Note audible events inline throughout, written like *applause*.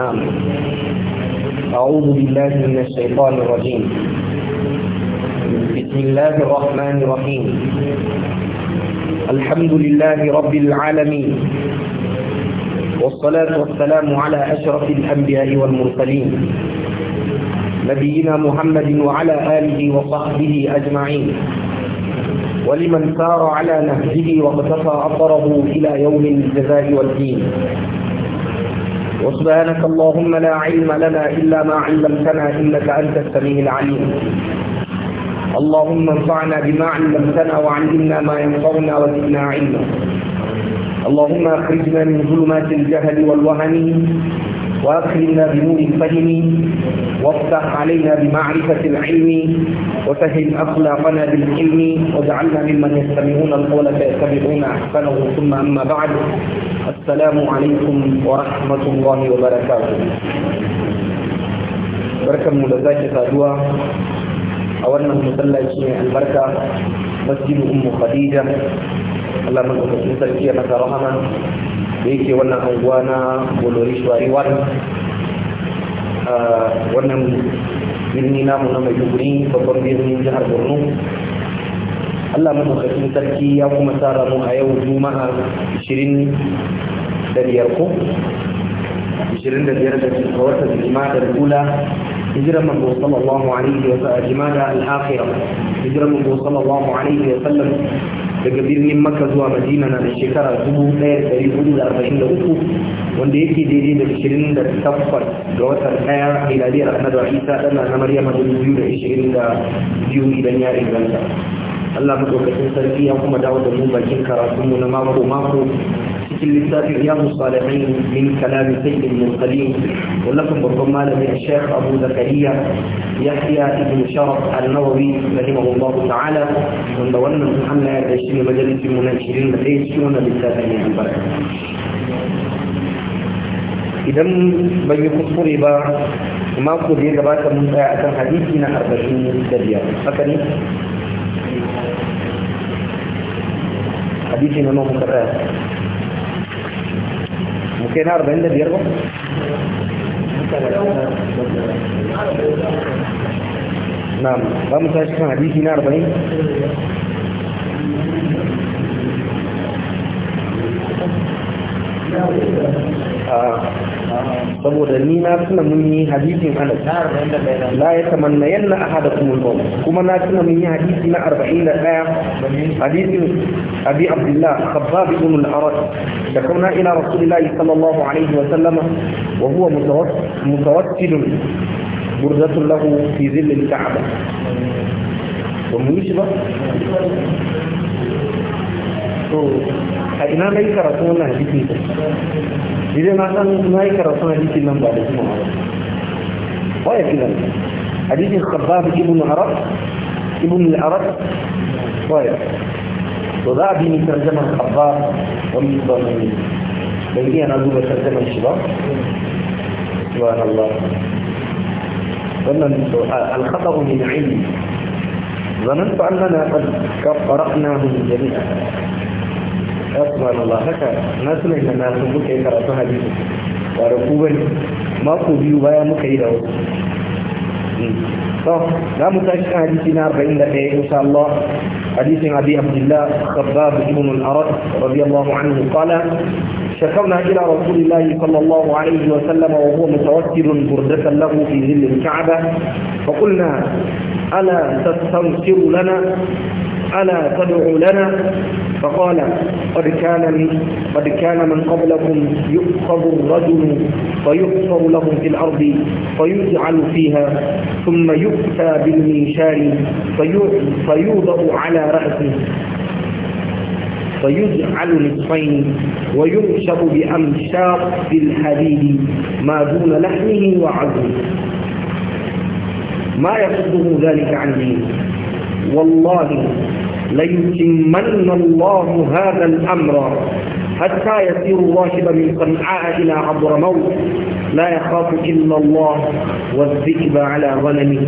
نعم أعوذ بالله من الشيطان الرجيم بسم الله الرحمن الرحيم الحمد لله رب العالمين والصلاة والسلام على أشرف الأنبياء والمرسلين نبينا محمد وعلى آله وصحبه أجمعين ولمن سار على نهجه واقتفى أثره إلى يوم الجزاء والدين وسبحانك اللهم لا علم لنا إلا ما علمتنا إنك أنت السميع العليم اللهم انفعنا بما علمتنا وعلمنا ما ينفعنا وزدنا علما اللهم اخرجنا من ظلمات الجهل والوهن وأكرمنا بنور الفهم وافتح علينا بمعرفة العلم وسهل أخلاقنا بالعلم واجعلنا ممن يستمعون القول فيتبعون أحسنه ثم أما بعد السلام عليكم ورحمة الله وبركاته بركة مدزاك سادوا أولا المسلسل البركة مسجد أم خديجة Allah mun madaukakin sarki ya masa rahama da yake wannan anguwa na Bolori Wani. wannan birni namu na mai Maiduguri babban birnin jihar Borno Allah mun madaukakin sarki ya kuma tsara mu a yau Juma'a 20 da biyar ko 25 da ga watan Jumada al-Ula hijiran manzo sallallahu alaihi wa sallam Jumada al-Akhirah hijiran manzo sallallahu alaihi wa sallam daga birnin makka zuwa madina na da shekara 1443 wanda yake daidai da 28 ga watan daya miladiyar annabi isa dana na maryama 2022 idan ya inganta Allah madaukakin sarki ya kuma dawo da mu bakin karatunmu na mako mako في لسان رياض الصالحين من كلام سيد بن القديم ولكم بالضمان من الشيخ أبو زكريا يحيى بن شرف النووي رحمه الله تعالى وندولنا محمد العشرين مجلس من عشرين مجلس شون لسان البركة اذا ban قصور kuskure ما قد يجبات من gabata mun tsaya akan hadisi حديثنا arba'in da mu kai na 45 ba na'am ba mu tashi kan hadisi na 40 Thank you. saboda ni na tuna mun yi hadisin ana la ya tamanna yanna ahadakum al-maut kuma na tuna mun yi hadisi na 41 hadisin abi abdullah khabbab ibn al-arat da kuma ila rasulillahi sallallahu alaihi wa sallam wa huwa mutawassil burdatun lahu fi zillil ka'ba ba mu yi shi ba to a ina na yi karatu wannan hadisi ne idan na san na yi karatu hadisin nan ba da kuma ba ya fi nan hadisin khabbab ibn arab ibn al-arab ba ya to za a bi ni tarjamar khabbab wani ba ne ban iya na duba tarjamar shi ba subhanallah wannan al-khatab min ilmi ظننت أننا قد قرأناه جميعا ya subhanallah haka na sunan الناس na sun muka yi karatu hadisi ba da ku bane mako biyu baya muka yi طب لا متأكد حديثنا 41 إن شاء الله حديث أبي عبد الله خباب بن الأرد رضي الله عنه قال شكرنا إلى رسول الله صلى الله عليه وسلم وهو متوتر بردة له في ظل الكعبة فقلنا ألا تستنصر لنا ألا تدعوا لنا فقال قد كان من قد كان من قبلكم يؤخذ الرجل فيحفر له في الأرض فيجعل فيها ثم يؤتى بالمنشار فيوضع على رأسه فيجعل نصفين وينشر بأمشاط الحديد ما دون لحمه وعظمه ما يصده ذلك عني والله ليتمن الله هذا الأمر حتى يسير الراشد من صنعاء إلى عبر موت لا يخاف إلا الله والذئب على غنمه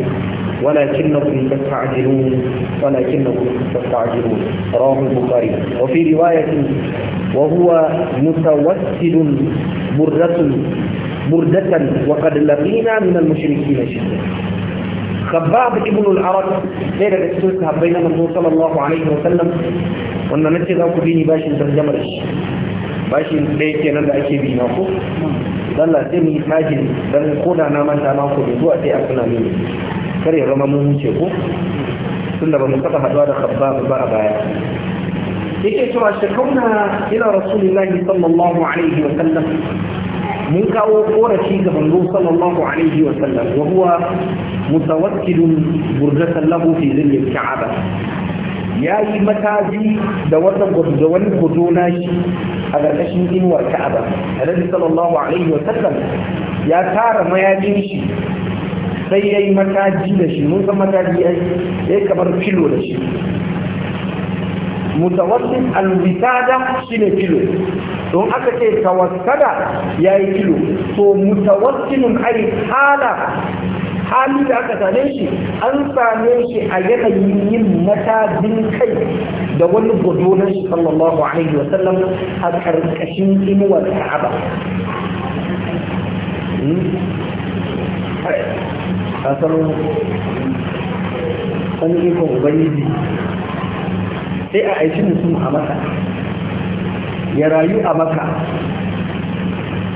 ولكنكم تستعجلون ولكنكم تستعجلون رواه البخاري وفي رواية وهو متوسل بردة بردة وقد لقينا من المشركين شدة khabbab ibn al-arad sai daga cikin sahabbai na manzo sallallahu alaihi wa sallam wanda nace za ku bi ni bashin tarjamar shi bashin da yake nan da ake bi na ko Allah sai dan koda na manta ma ko zuwa sai a kula mini kar ya zama mun wuce ko tunda ba mu haduwa da ba a baya yake cewa shakauna ila mun kawo korafi ga manzo sallallahu alaihi wa sallam wa huwa mutawakkilun burjatan lahu fi zillil ka'aba yayi mataji da wannan gudu wani gudu na shi a ƙarƙashin inuwar ka'aba alaihi sallallahu alaihi wa sallam ya tara mayajin shi sai yayi mataji da shi mun san mataji yayi kamar filo da shi mutawassit al-wisada shine filo don aka ce tawassada ya yi kilo to mutawassilin ai hala hali da aka same shi an same shi a yanayin yin matajin kai da wani gudunar shi sallallahu alaihi wasallam a karkashin inuwar ka'aba hmm? kasar wani ikon ubangiji sai a aiki mutum a masa ya rayu a maka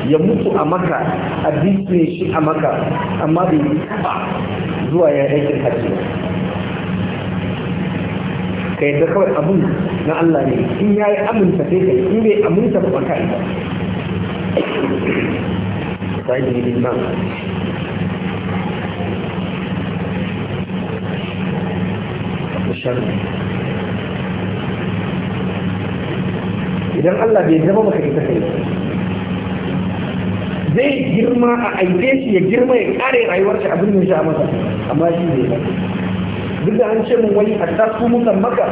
ya mutu a maka a bisne shi a maka amma da yi taɓa zuwa ya aikin hajji ka yadda kawai abin na Allah ne in ya yi aminta sai kai in bai aminta ba kai ba Thank you. idan Allah bai zama maka ita kai zai girma a aike shi ya girma ya kare rayuwar shi abin da ya masa amma shi bai ba duk da an ce mun wani hatta su muka maka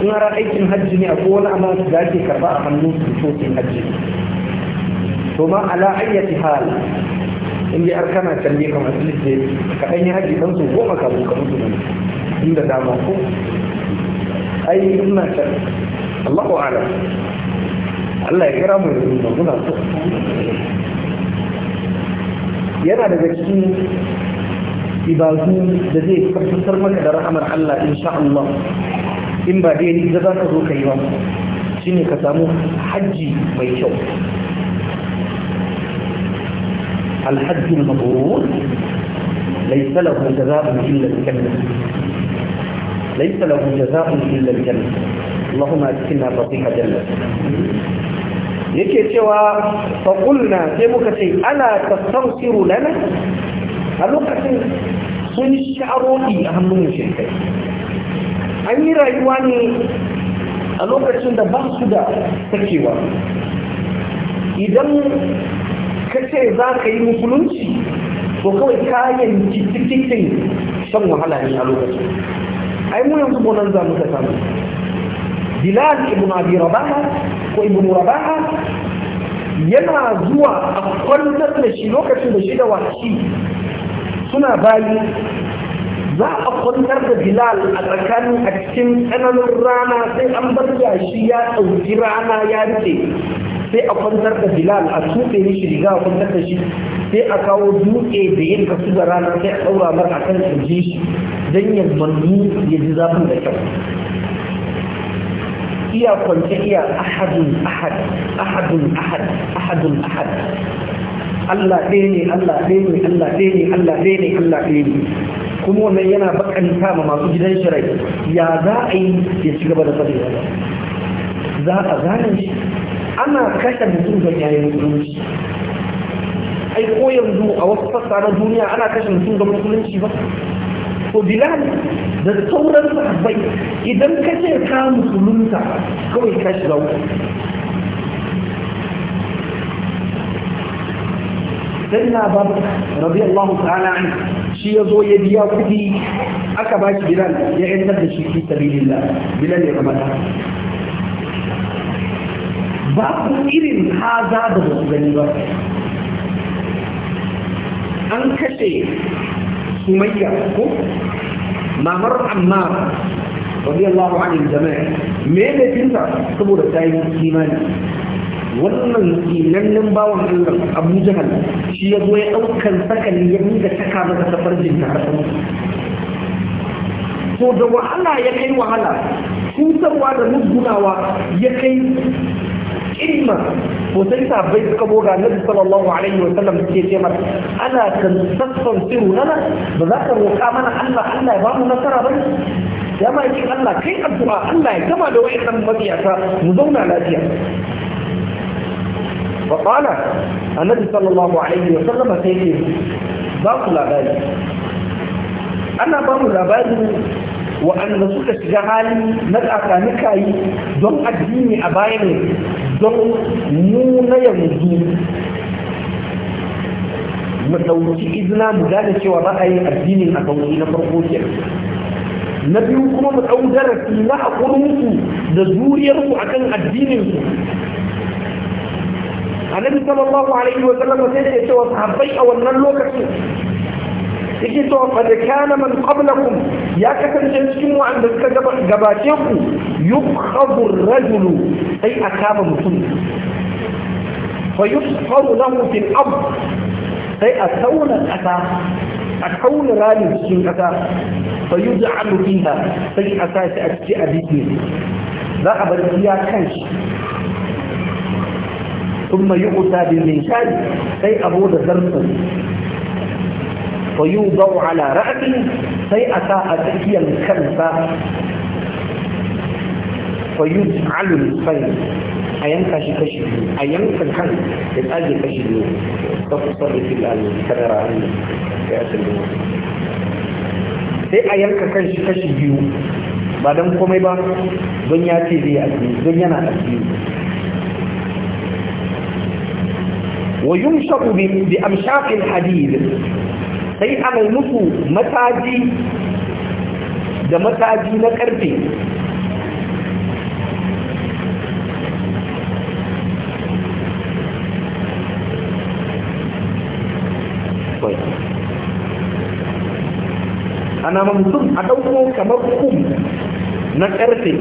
in ara aikin hajji ne akwai wani amma da ake karba a hannun su sokin hajji to ma ala ayyati hal in dai arkana can canje kamar asibiti ka dan yi hajji ɗan su goma ka zo ka mutu inda dama ko ai ina can Allahu a'lam Allah ya kira mu da muna so yana daga cikin ibadu da zai tabbatar maka da rahamar Allah insha Allah in ba dai ni da za ka zo ka yi ba shine ka samu hajji mai kyau الحج المبرور ليس له جزاء إلا الجنة ليس له جزاء إلا الجنة اللهم أدخلنا فضيحة جنة yake cewa faƙulna sai muka ce ana tattausiru lana a lokacin sun sha'arori a hannun shirkai an yi rayuwa ne a lokacin da ba su da sakewa idan ka ce za ka yi musulunci to kawai kayan cikin shan wahala ne a lokacin ai mu yanzu bonan za mu ta samu bilal ibn abi rabaha ko ibn Rabah yana zuwa a kwantar da shi lokacin da shi da wasi suna bayi za a kwantar da bilal a tsakanin a cikin tsananin rana sai an bar shi ya ɗauki rana ya rike sai a kwantar da bilal a tuɓe shi riga a kwantar da shi sai a kawo dutse da yin kasu da rana sai a ɗaura mar a kan shi don ya mannu ya ji zafin da kyau iya kwance iya ahadun ahad ahadun ahad ahadun ahad Allah ɗaya ne Allah ɗaya ne Allah ɗaya ne Allah ɗaya ne Allah ɗaya ne kuma wannan yana bakanta ma masu gidan shirai ya za a yi ya ci gaba da fadewa za a gane shi ana kashe mutum ga yayin musulunci ai ko yanzu a wasu sassa na duniya ana kashe mutum ga musulunci ba ko bilal da sauran sahabbai idan ka ce ka musulunta kawai ka shiga سيدنا أبا بكر رضي الله تعالى عنه شي يزو يبيا كدي أكا باش بلال يعين نفس شي في سبيل الله بلال يقبلها باب إرن هذا بغض ذنبا an kashe sumayya ko mamar ammar radiyallahu anhu jama'a me ne tinta saboda ta yi wannan tsinannen bawan Allah Abu Jahal shi ya zo ya ɗaukan sakali ya miƙa saka masa ta farjin ta har to da wahala ya kai wahala cutarwa da musgunawa ya kai ƙimma وسيدنا عبيد كبورا النبي صلى الله عليه وسلم كي يمر انا كان سفر سيرو لنا بذكر وقام انا انا انا يبقى نصر بس يا ما يجي انا كي ادعو انا كما لو ايه كان مضيع فمضونا فقال النبي صلى الله عليه وسلم سيدنا باقل عبادي انا باقل عبادي waɗanda suka shiga hali na tsakani kayi don addini a baya ne don mu na yanzu mu ɗauki izina mu gane cewa addinin a sauki na farko ke na biyu kuma mu ɗau darasi na haƙurinku da zuriyarku akan addinin su annabi sallallahu alaihi wa sallam sai da ya ce wa sahabbai a wannan lokacin yake to fa da man qablakum ya kasance cikin wa'anda suka gabace ku yukhadhu ar-rajul sai a kama mutum fa yusfaru lahu fil abu sai a tauna kasa a tauna rami cikin kasa fa yuj'alu fiha sai a sa shi a cikin abiki za a bar iya kanshi ثم يؤتى sai سي أبو ذرته fa yudau ala ra'si sai a sa a tsakiyar kansa fa yuj'alu al a yanka shi kashi biyu a yanka kan da tsage kashi biyu ta kusa da fil al-kadara an da tsage sai a yanka kan shi kashi biyu ba don komai ba don ya ce zai addini don yana addini wa yumshaku bi amshaqil hadid sai aka musu mataji da mataji na karfe ana mutum a ɗauko kamar kum na ƙarfe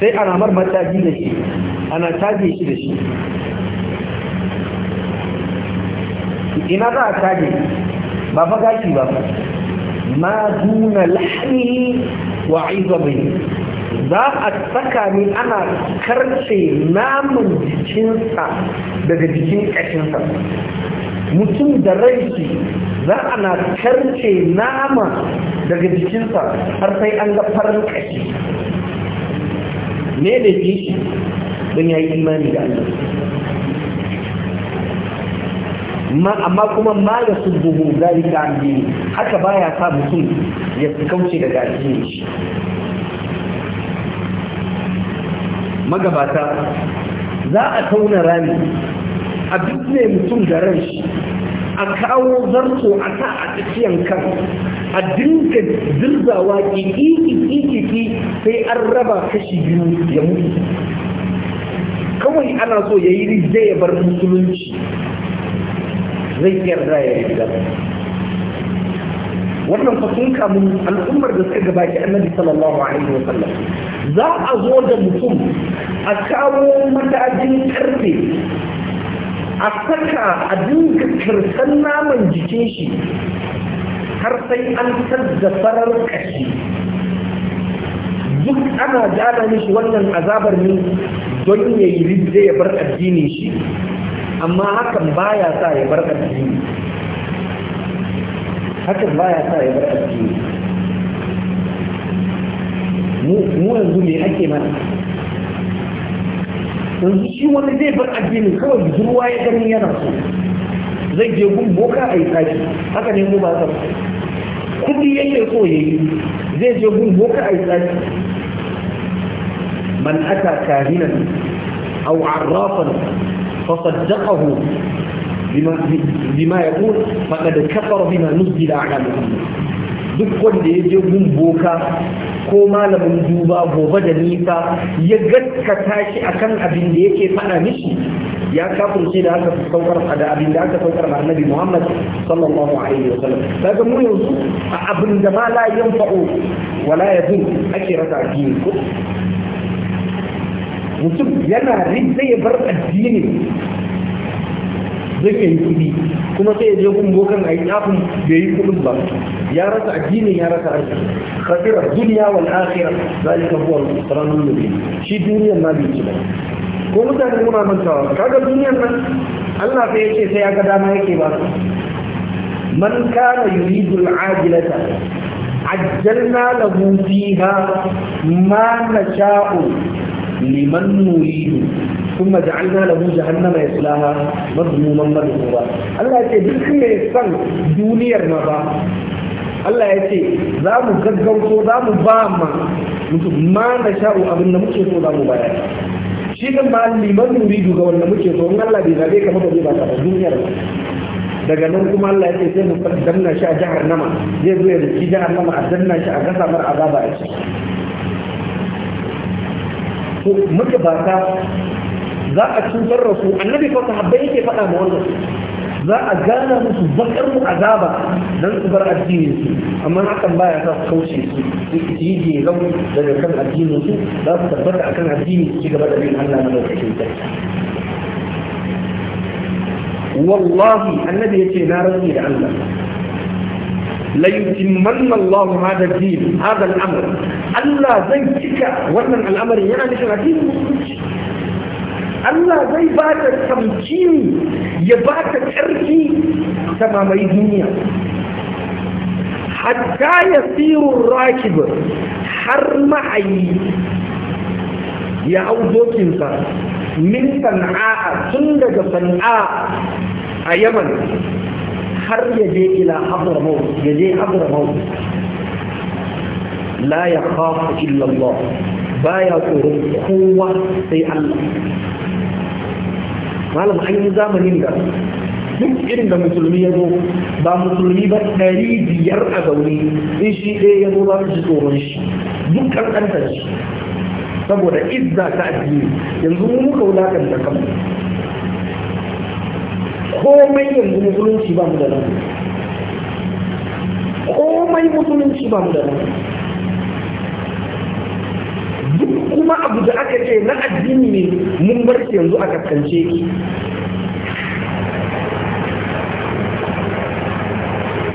sai ana mar mataji da shi ana taje shi da shi ina za a kaje ba fa gashi ba ma duna lahmihi wa izabi za a saka ni ana karce namun jikinsa daga jikin ƙashinsa mutum da ranki za a na karce nama daga jikinsa har sai an ga farin ƙashi ne da shi don ya yi imani da Allah amma kuma ma da su buhu zalika an ne, haka baya sa mutum ya kauce daga addini shi magabata za a tauna rami a ne mutum da ran shi a kawo zarto a sa a tafiyan kan a dinka zirzawa ƙiƙiƙiƙiƙi sai an raba kashi biyu ya mutu kawai ana so ya yi zai ya bar musulunci zai yarda ya yarda wannan fa sun al'ummar da suka gabaki annabi sallallahu alaihi wa sallam za a zo da mutum a kawo matajin karfe a saka a dinga kirsan naman jikin shi har sai an da farar kashi duk ana jada mishi wannan azabar ne don ya yi ya bar addinin shi amma hakan baya sa ya bar addini hakan baya sa ya bar addini mu yanzu me ake mana yanzu shi wani zai bar addinin kawai budurwa ya gani yana so zai je gun boka a yi kaji haka ne mu ba sa kudi yake so ya yi zai je gun boka a yi kaji man aka kahinan au arrafan فصدقه بما, بما يقول فقد كفر بما نزل على محمد duk wanda ya je gun boka ko malamin duba gobe da nisa ya gaskata shi akan abin da yake faɗa mishi ya kafirce da aka saukar da abin da aka saukar ma annabi Muhammad sallallahu alaihi wa sallam daga mu yanzu a abin da ma la yanfa'u wala yadun ake rasa addini ko mutum yana sai ya bar addini zai kai kudi kuma sai ya je kun bokan a yi ɗafin da yi kuɗin ba ya rasa addini ya rasa arziki kafirar duniya wal akhirah zai huwa al-khusranul mubin shi duniyar ma biyu ci ba ko mutane muna mantawa kaga duniyar nan Allah sai ce sai ya ga dama yake ba man kana yuridu al-ajilata ajjalna lahu fiha ma nasha'u liman nuridu ثم جعلنا له جهنم yaslaha مذموما مدحورا الله يتي duk me san duniyar ma ba Allah ya ce za mu gaggauto za mu ba ma mutum ma da sha'u abin da muke so za mu bayar shi kan ba liman nuridu ga wanda muke so in Allah bai zabe ka maka zai ba ta duniyar daga nan kuma Allah ya ce sai mu danna shi a jahannama zai zo ya riki jahannama a danna shi a gasa mar azaba a ciki to magabata za a cutar da su annabi ko sahabbai yake faɗa ma wannan za a gana musu bakar mu azaba dan su bar addinin su amma hakan baya sa su kauce su su jije ran daga kan addinin su za su tabbata akan addini su ci gaba da bin Allah na lokacin sarki wallahi annabi yace na rantsi da Allah ليتمن الله هذا الدين هذا الامر الا زي كيكا وانا الامر يعني شو هكي الا زي بعد التمكين يبعد تركي تمام الدنيا حتى يصير الراكب حرمعي يا أوزوك إنسان من صنعاء تندق صنعاء أيمن har ya je ila hadramaut ya je hadramaut la ya khafu illa Allah baya tsoron kowa sai Allah malam an yi zamanin da duk irin da musulmi ya zo ba musulmi ba ɗari biyar a zaune in shi ɗaya ya zo ba su ji tsoron shi duk ƙanƙantar shi saboda izza ta addini yanzu mu muka wulakanta kanmu komai yanzu musulunci ba mu da nan komai musulunci ba mu da nan duk kuma abu da aka ce na addini ne mun bar yanzu a kaskance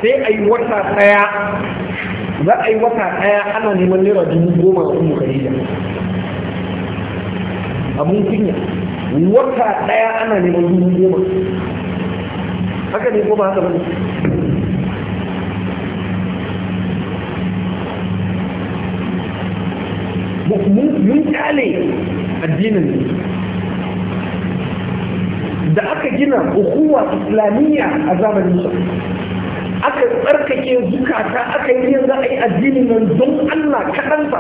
sai a yi wata ɗaya za a yi wata ɗaya ana neman naira dubu goma a kuma kadija abun kunya wata ɗaya ana neman dubu goma haka ne ko ba haka bane mun kale addinin da aka gina hukuma islamiyya a zamanin su aka tsarkake zukata aka yi yanzu a yi addinin nan don allah kaɗansa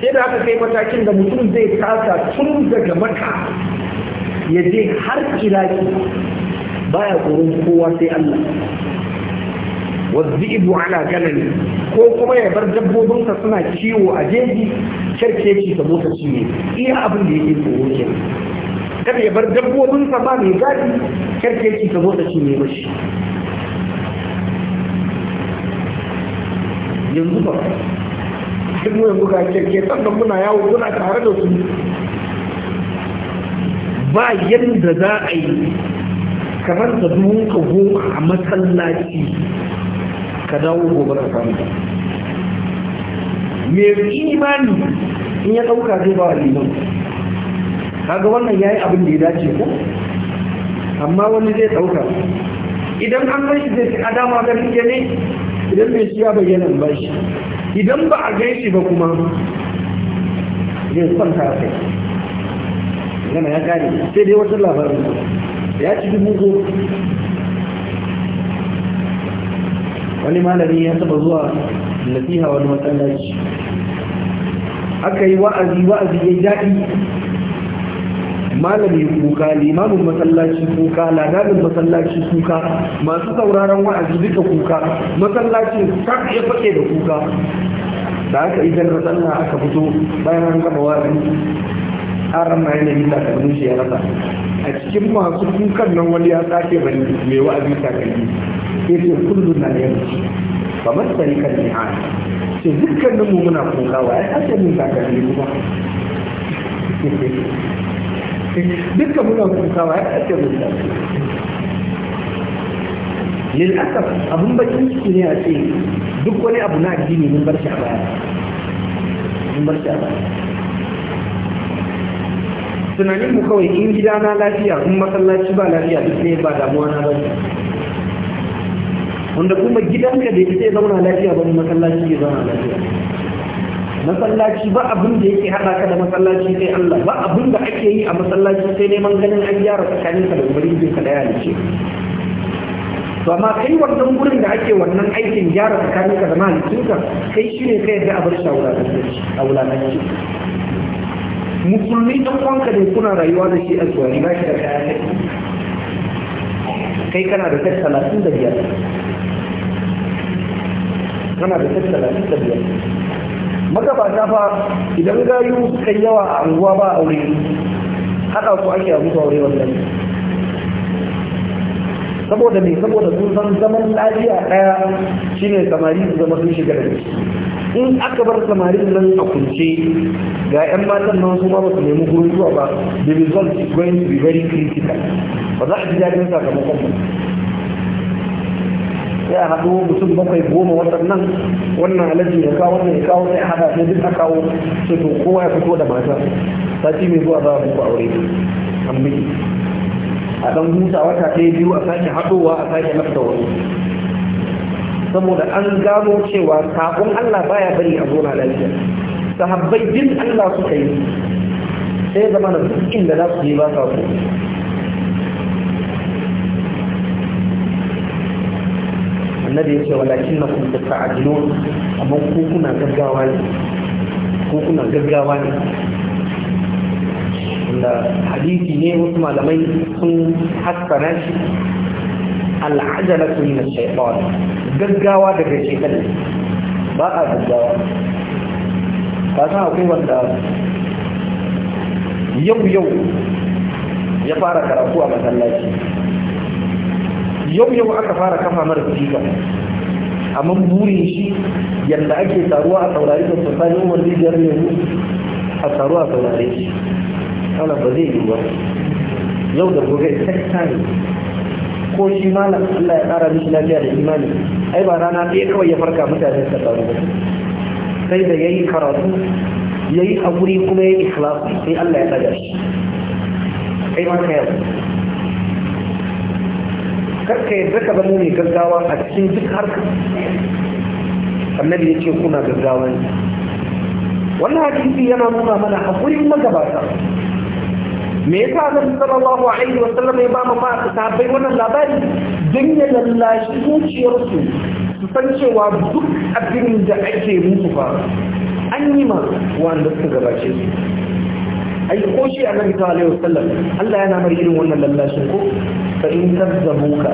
sai da aka kai matakin da mutum zai kasa tun daga maka ya je har iraki baya tsoron kowa sai Allah wazibu ala ganani ko kuma ya bar dabbobinsa suna ciwo a jeji shi ta motsa ciwo iya abin da yake tsoro ke kada ya bar dabbobinsa ba mai gadi shi ta motsa ciwo mashi yanzu ba duk mu yanzu ga kyarke sannan muna yawo muna tare da su ba yadda za a yi kamar da dubu ka goma a masallaci ka dawo gobe ka kwanta mai imani in ya ɗauka zai ba wa liman kaga wannan ya yi abin da ya dace ko amma wani zai ɗauka idan an bai zai a dama ga ne idan mai shi ya bayyana ba shi idan ba a gaishe ba kuma zai kwanta kai gana ya gane sai dai wata labarin ya ci dubu wani malami ya taba zuwa nasiha wani matsalaci aka yi wa'azi wa'azi ya daɗi malami kuka limamin masallaci kuka ladanin masallaci kuka masu sauraron wa'azi duka kuka masallacin kar ya fake da kuka da aka idan da sallah aka fito bayan an gama wa'azi an ramma yanayi da shi ya rasa a cikin masu kukan nan wani ya sake bari mai wa'azi takalmi ya ce kullu na yanzu ba masari kan ni'an ce dukkanin mu muna wa ya sake min takalmi kuma *laughs* dukkan muna wa ya sake min takalmi lil'asaf abun bakin ciki ne a ce duk wani abu na addini mun bar shi a baya mun bar shi a baya tunanin mu kawai in gida na lafiya in masallaci ba lafiya duk ne ba damuwa na bane wanda kuma gidanka da ita zauna lafiya ba masallaci ya zauna lafiya masallaci ba abin da yake hada ka da masallaci sai Allah ba abin da ake yi a masallaci sai neman ganin an gyara tsakanin ka da ubangijin ka da yalice to amma kai wannan gurin da ake wannan aikin gyara tsakanin ka da mahalicin ka kai shine kai da abin shawara a wulatanci musulmi ɗan kwanka da kuna rayuwa da shi a tsawari ba shi da kaya kai kana da kai talatin da biyar kana da kai talatin da biyar magabata fa idan gayu kai yawa a anguwa ba aure haɗa ku ake a musu aure wannan saboda me saboda sun san zaman lafiya ɗaya shine samari su zama sun shiga da shi in aka bar samarin nan a kunce ga 'yan matan nan su ma ba su nemi gurin zuwa ba the result is going to be very critical ba za a ji daɗin sakamakon ba sai a haɗu mutum bakwai goma waɗannan wannan alaji ya kawo wannan ya kawo sai a haɗa sai duk a kawo sai to kowa ya fito da mata sati mai zuwa za a muku aure an biki a ɗan huta wata yi biyu a sake haɗowa a sake nafta wani saboda an gano cewa sabon Allah baya bari a zona lafiya sahabbai din Allah suka yi sai zama na duk inda za su yi ba sa annabi ya ce walakin na kuma ta ajiyar amma kukuna gaggawa ne kukuna gaggawa ne da hadisi ne wasu malamai sun haskana shi al'ajalatu min ash-shaytan gaggawa daga shaytan ba a gaggawa ka san akwai wanda yau yau ya fara karatu a masallaci yau yau aka fara kafa mara fika amma burin shi yadda ake taruwa a saurari da tsakanin wani biyar ne a taruwa a saurari shi ba zai yi ba yau da gobe take time ko shi malam Allah ya kara mishi lafiya da imani ai ba rana ɗaya kawai ya farka mutane ta tsaro sai da yayi karatu yayi hakuri kuma yayi ikhlasi sai Allah ya daga shi kai ma kai karka yadda ka zama mai gaggawa a cikin duk harka annabi ya ce kuna gaggawa ne. wannan hadisi yana nuna mana hakurin magabata me yasa annabi sallallahu alaihi wa sallam ya ba mu ma sahabbai wannan labari dan ya lallashi zuciyarsu su san cewa duk abin da ake musu fa an yi ma wanda suka gabace su ai ko shi annabi sallallahu alaihi wa sallam Allah yana mai irin wannan lallashin ko fa in kazzabuka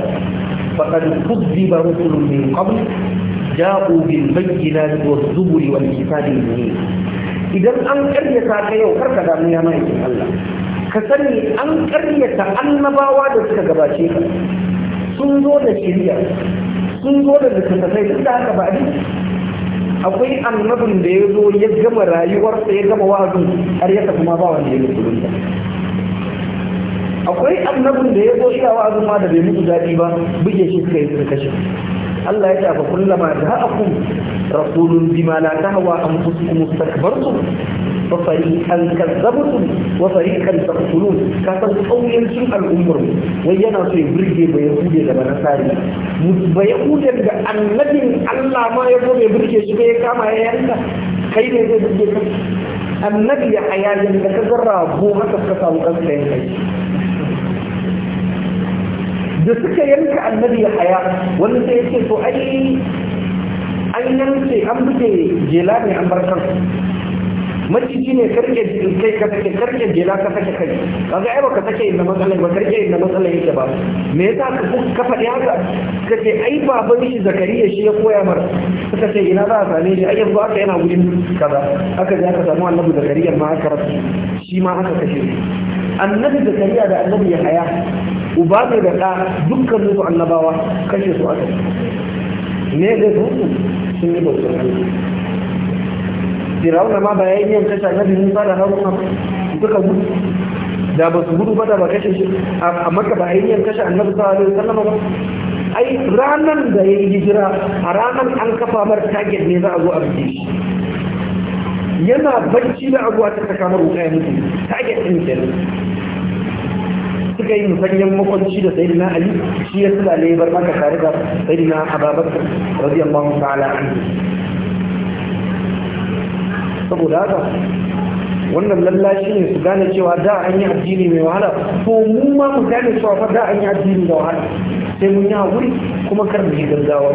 faqad kuzziba rusulun min qabl ja'u bil bayyinati waz zuburi wal kitabi idan an karyata ka yau karka damu ya mai Allah ka sani an karyata annabawa da suka gabace ka sun zo da shirya sun zo da littattafai sun da haka ba a akwai annabin da ya zo ya gama rayuwarsa ya gama wa'azin har ya tafi ma ba wanda ya musulunta akwai annabin da ya zo a wa'azin ma da bai mutu daɗi ba buge shi suka yi suka kashe Allah ya shafa kullama ja'akum rasulun bima la tahwa anfusukum istakbartum fa fariqan kazzabtum wa fariqan taqtulun ka san kauyen sun al'ummar wai yana so ya burge ba ya hude da banasari ba ya hude da annabin Allah ma ya zo bai burge shi ba ya kama ya yanka kai ne zai burge ka annabi ya haya da ka zarra go haka ka samu kanka yanka da suka yanka annabi ya haya wani sai ya ce to ai an yanke an buge jela ne an bar kansu maciji ne karke kai ka take karke jela ka take kai kaga ai baka take inda matsalai ba karke inda matsalai yake ba me yasa ka ka faɗi haka kace ai baban shi zakariya shi ya koya mar suka ce ina za a same shi ai yanzu aka yana wurin kaza aka ji aka samu annabi zakariya ma aka rasu shi ma aka kashe annabi zakariya da annabi ya haya uba ne da ɗa dukkan su annabawa kashe su aka ne da su sun yi bautar hannu. Firauna ma ba yayin yin na annabi Musa da Haruna duka gudu da ba su gudu ba da ba kashe shi a maka ba yayin yin kashe annabi sa alaihi wasallam ba ai ranar da ya yi hijira a ranar an kafa mar target ne za a zo a rike shi yana bacci da abuwa ta saka mar wuka ya mutu target din kenan suka yi musanyen makwanci da na ali shi ya sula ne bar maka tare da na ababakar radiyallahu ta'ala anhu saboda haka wannan lallashi ne su gane cewa da an yi addini mai wahala to mu ma mu gane cewa fa da an yi addini da wahala sai mun yi haƙuri kuma kar mu yi gaggawa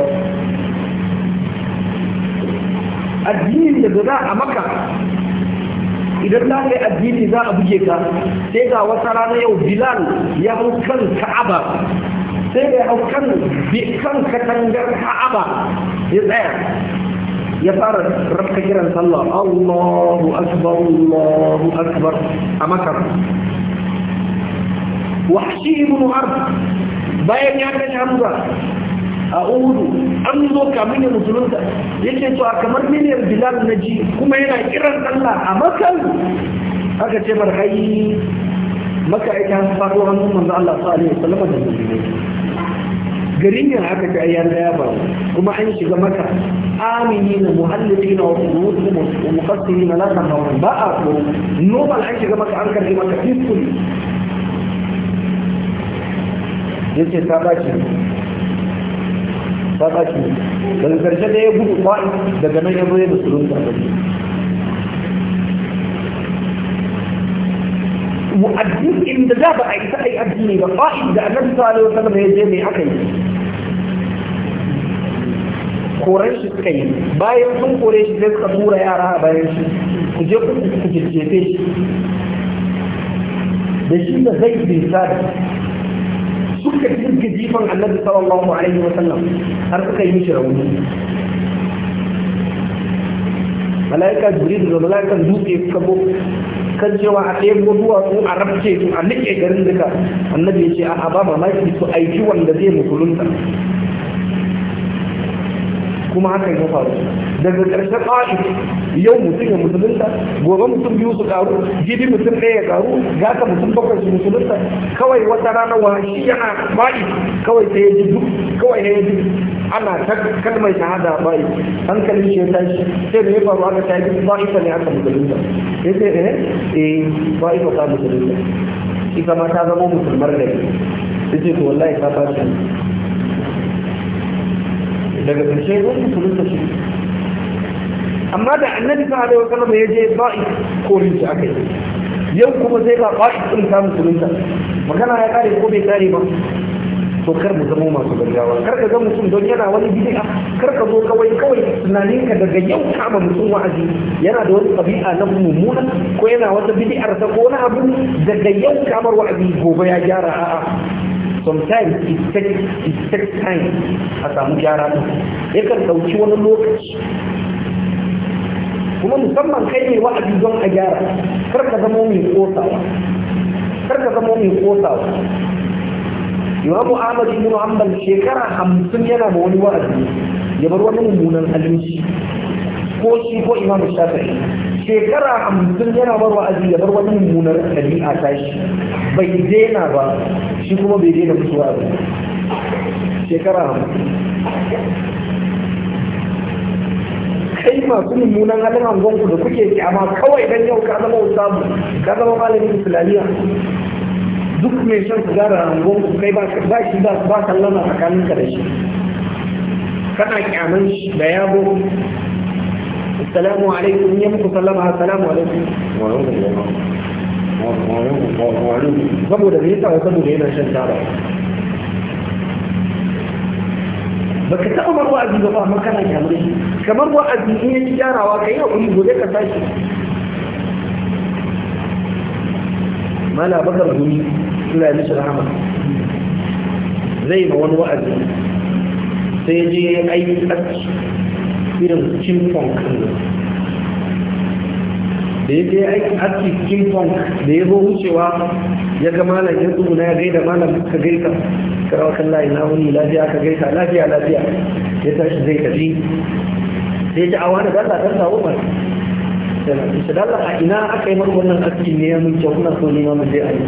Addini da za a maka idan za ka yi addini za a buge ka sai ga wata rana yau bilal ya hau kan ka'aba sai da ya hau kan kan katangar ka'aba ya tsaya ya fara rafka kiran sallah Allahu akbar Allahu akbar a makar wahshi ibn harb bayan ya kashe hamza a uhudu an zo kamin ya musulunta to a kamar miliyar bilal na ji kuma yana kiran allah a makan aka ce bar hayi maka aiki aika faɗo hannun manzo allah sallallahu alaihi wasallam da musulunta garin yin haka ta ayyar da ba faru kuma an shiga maka amini na muhallifi na mukassiri na lasan hawan ba a ko normal an shiga maka an karfi maka Ya ce ta ba bace ta kashi daga karshe da ya gudu fa'i daga nan ya zo ya musulunta mu'addin inda za ba a isa ai addini ba fa'id da annabi sallallahu alaihi wasallam ya je mai aka yi koran shi suka yi bayan sun kore shi sai suka tura yara a bayan shi ku je ku ku jefe shi da shi da zai bin sadi suka jirga jifan annabi sallallahu alaihi wa sallam har suka yi shi rauni malaika jibril da malaikan dutse suka bo kan cewa a ɗaya ko a rabce su a nike garin duka annabi ya ce a ba mamaki su aiki wanda zai musulunta kuma haka ya faru daga ƙarshen ƙa'id yau mutum ya musulunta gobe mutum biyu su karu jibi mutum ɗaya ya karu ka mutum bakwai su musulunta kawai wata rana wa shi yana ba'i kawai ta yi duk kawai ya ji ana ta kalmar shahada ba'i hankalin shi ya tashi sai da ya faru aka ta yi ba'i ta ne aka musulunta ya ce eh eh ba'i ta musulunta ita ma ta zama musulmar da ya ce wallahi ta fashe daga ƙarshe wani musulunta shi amma da annabi sa alaihi wasallam ya je ba'i korin shi akai yau kuma sai ba ba'i sun ta musulunta magana ya kare ko bai kare ba to kar mu zama masu gaggawa kar ka ga mutum don yana wani bid'a kar ka zo kawai kawai tunanin ka daga yau kama mutum wa'azi yana da wani tabi'a na mummuna ko yana wata bid'ar ta ko wani abu daga yau kamar wa'azi gobe ya gyara a'a sometimes it takes it takes time a samu gyara Ya yakan dauki wani lokaci kuma musamman kai ne wa'azi don a gyara kar ka zamo mai kosawa kar ka zamo mai kosawa imamu ahmad ibn hanbal shekara hamsin yana ma wani wa'azi ya bar wani mummunan halinci ko shi ko imamu shafi'i shekara hamsin yana bar wa'azi ya bar wani mummunan ɗabi'a ta shi bai daina ba shi kuma bai daina mutuwa ba shekara hamsin kai masu mummunan halin angonku da kuke amma kawai dan yau ka zama usamu ka zama malamin islamiyya duk mai shan sigara angonku kai ba shi ba sallama ka da shi kana kyaman shi da yabo assalamu alaikum ya muku sallama assalamu alaikum saboda me yasa saboda yana shan taba baka taɓa mar wa'azi ba amma kana kyamar shi kamar wa'azi in ya ci gyarawa ka yi hakuri gobe ka tashi mala bakar gumi Allah ya mishi rahama zai ma wani wa'azi sai je ai aski irin cin kan da ya aiki aski cikin pong da ya zo wucewa ya ga malam ya na ya gaida malam ka gaisa karawa kan layi na wuni lafiya ka gaisa lafiya lafiya ya tashi zai tafi sai ya ji awa da dalla ta sa umar shi dalla a ina aka yi wannan aski ne ya mun kuna so ne ma mu je a yi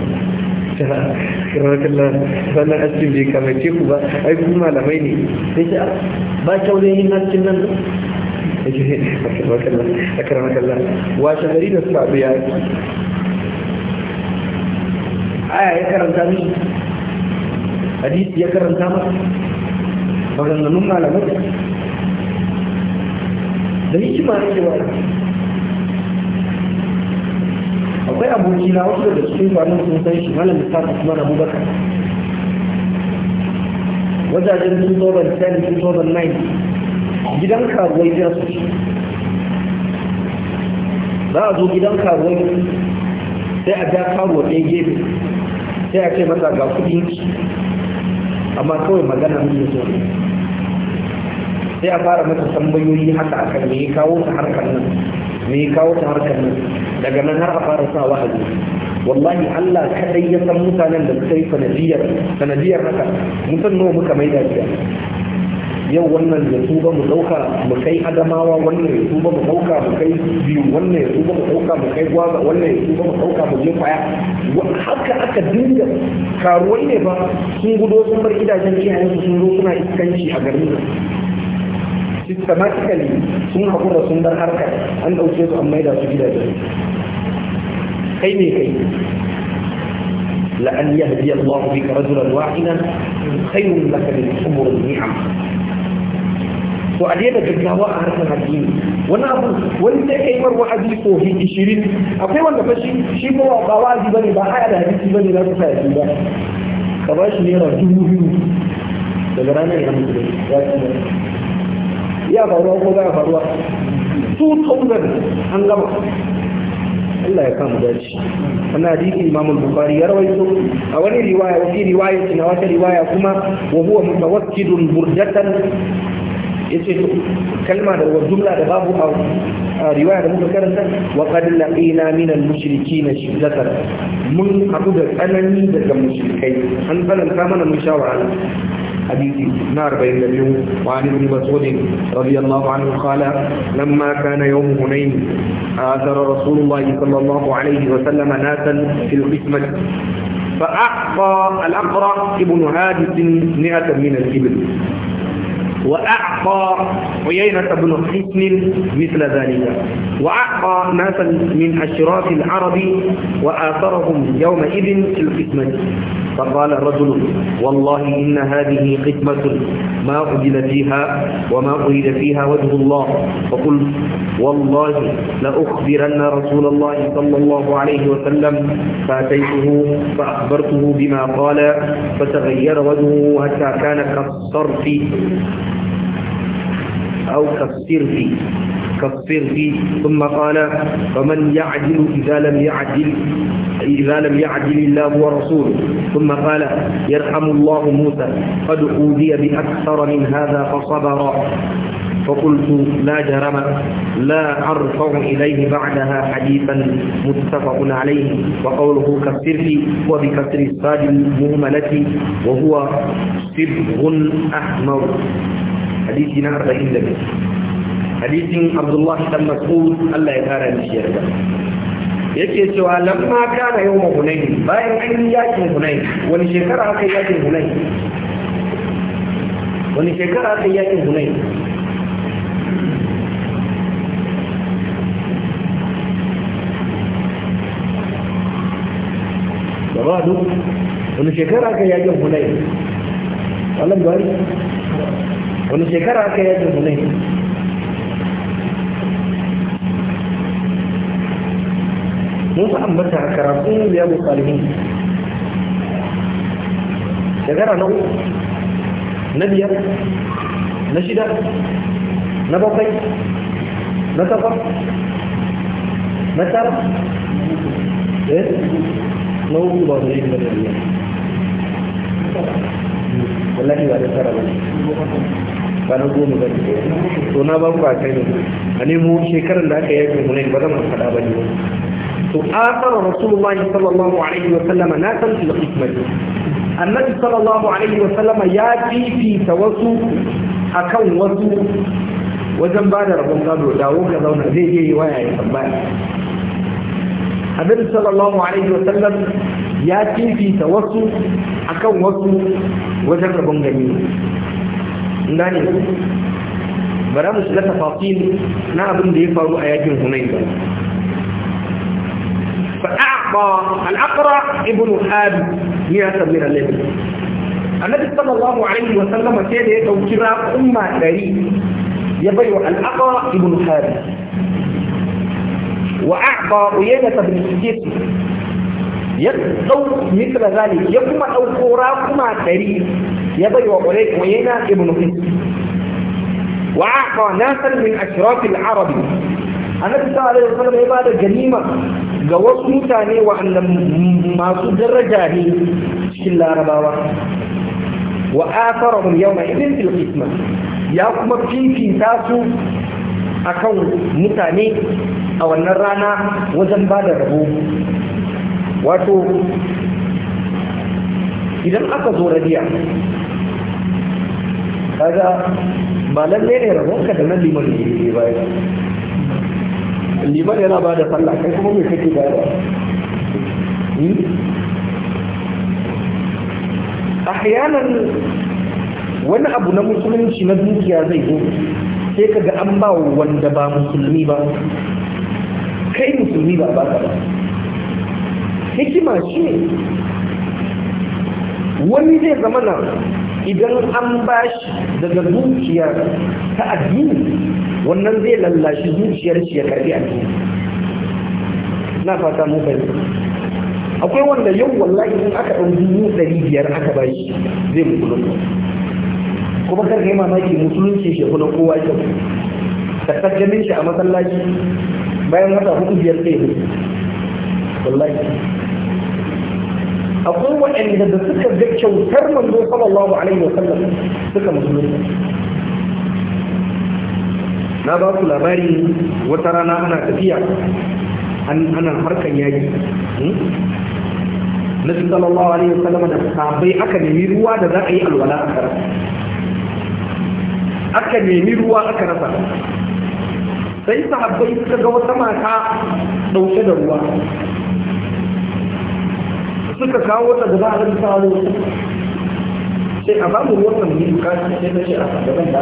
karakallah wannan askin bai kamace ku ba ai kuma malamai ne sai ba kyau ne yin askin nan akramakallah gari da suka abu ya yi aya ya karanta ni hadisi ya karanta masa maganganun malamai da hikima ne cewa akwai abokina wasu daga cikin kwanan sun san shi malam lissafi kuma na gidan karuwai jira su za a zo gidan karuwai sai a ja karuwa ɗaya gefe sai a ce mata ga ki, amma kawai magana ne zo sai a fara mata tambayoyi haka akan me ya kawo ta harkar nan me ya kawo ta harkar nan daga nan har a fara sa wa'azi wallahi Allah kadai ya san mutanen da suka yi sanadiyar sanadiyar haka mutum nawa muka mai dajiya yau wannan ya tuba mu ɗauka mu kai adamawa wannan ya tuba mu ɗauka mu kai biyu wannan ya tuba mu ɗauka mu kai gwaza wannan ya tuba mu ɗauka mu je kwaya haka aka dinga karuwai ne ba sun gudo sun bar gidajen iyayensu sun zo suna iskanci a garin nan systematically sun haƙura sun bar harka, an ɗauke su an maida su gidajen kai ne kai لأن يهدي الله بك رجلا واحدا خير لك من حمر النعم to a daina gaggawa a harkar addini wani abu wani sai kai mar wa'azi ko hi akwai wanda fa shi shi ba ba wa'azi bane ba aya da hadisi bane za ku sa shi ba ka ba shi naira dubu biyu daga ranar ya mutu ya ci ya faruwa ko ba ya faruwa Su 2000 an gama Allah ya kama dace wannan hadisi Imam al-Bukhari ya rawaito a wani riwaya wani riwaya na wata riwaya kuma wa huwa mutawakkidun burdatan ya ce kalma da wa jumla da babu a riwaya da muka karanta wa qad laqina min al mushrikina shiddatar mun haɗu da tsanani daga mushrikai an tsananta mana mun sha wahala حديث نار بين اليوم وعن ابن مسعود رضي الله عنه قال لما كان يوم هنين آثر رسول الله صلى الله عليه وسلم ناسا في القسمة فأعطى الأقرع ابن هادس مئة من الإبل وأعطى عيينة بن حسن مثل ذلك وأعطى ناسا من أشراف العرب وآثرهم يومئذ في القسمة فقال الرجل والله إن هذه قسمة ما أجل فيها وما أريد فيها وجه الله فقل والله لأخبرن رسول الله صلى الله عليه وسلم فأتيته فأخبرته بما قال فتغير وجهه حتى كان كالصرف أو كفر في ثم قال فمن يعدل إذا لم يعدل إذا لم يعدل الله ورسوله ثم قال يرحم الله موسى قد أوذي بأكثر من هذا فصبر فقلت لا جرم لا أرفع إليه بعدها حديثا متفق عليه وقوله كالسرف هو بكسر الصاد المهملة وهو سبغ أحمر hadisi na arba'in da biyu hadisin abdullahi dan mas'ud Allah ya kara mishi yarda yake cewa lamma kana yawma hunayn bayan an yi yakin hunayn wani shekara aka yi yakin hunayn wani shekara aka yi yakin hunayn gabado wani shekara aka yi yakin hunayn wannan bari wani shekara aka yi yakin hunai mun ku ambata a karatun ya bu salihin shekara na uku na biyar na shida na bakwai na takwas na tara eh na uku ba su yi da biyar wallahi ba da tara bane ba na goma ba ne to na ba ku a kai ne a nemo shekarar da aka yi yakin hunain ba zan faɗa ba ne to akar rasulullahi sallallahu alaihi wa sallama na san fil hikmat annabi sallallahu alaihi wa sallama ya fifita wasu akan wasu wajen ba da rabon gado dawo ga zauna zai iya yi waya ya tambaya annabi sallallahu alaihi wa sallam ya fifita wasu akan wasu wajen rabon gani gane ba za mu shiga tafafin na abin da ya faru a yakin ba فأعطى الأقرع ابن حابي مئة من الليل النبي صلى الله عليه وسلم كان يتوكرا أمة داري يبيع الأقرع ابن حابي وأعطى عيينة بن حجيس ya ɗau misra zalik ya kuma ɗauko rakuma ɗari ya bai wa ƙwarai ƙwayyana ibn qis wa aqa nasan min ashrafil arabi annabi sallallahu alaihi wasallam ya bada ganima ga wasu mutane wa'anda masu daraja ne cikin larabawa wa atharahum yawma idin fil qisma ya kuma fifita su akan mutane a wannan rana wajen bada rabo wato idan aka zo na biya kaga ba lalle ne rabonka da nan liman ne ba liman yana ba da sallah kai kuma mai kake A hayanan hmm? wani abu na musulunci na dukiya zai zo sai kaga an ba wanda ba musulmi ba kai musulmi ba ba ka ba hikima shi ne wani zai zama na idan an bashi daga zuciya ta addini wannan zai lallashi zuciyar shi ya karbi addini na fata mubari akwai wanda yau wallahi in aka ɗan dubu ɗari biyar aka ba shi zai musulunta kuma kar ka yi mamaki musulunci shi kuna kowa kyau da tsakanin shi a masallaci bayan wata hudu biyar ɗaya wallahi akwai waɗanda da suka ga kyautar manzo sallallahu alaihi wa sallam suka musulunta na ba ku labari wata rana ana tafiya ana harkar yaƙi hmm? nabi sallallahu alaihi wa sallam da sahabbai aka nemi ruwa da za a yi alwala a karasa aka nemi ruwa aka rasa sai sahabbai suka ga wata mata ɗauke da ruwa suka kawo ta za a rinsa wani sai a bamu ruwan nan biyu kasu sai ta ce a gaban da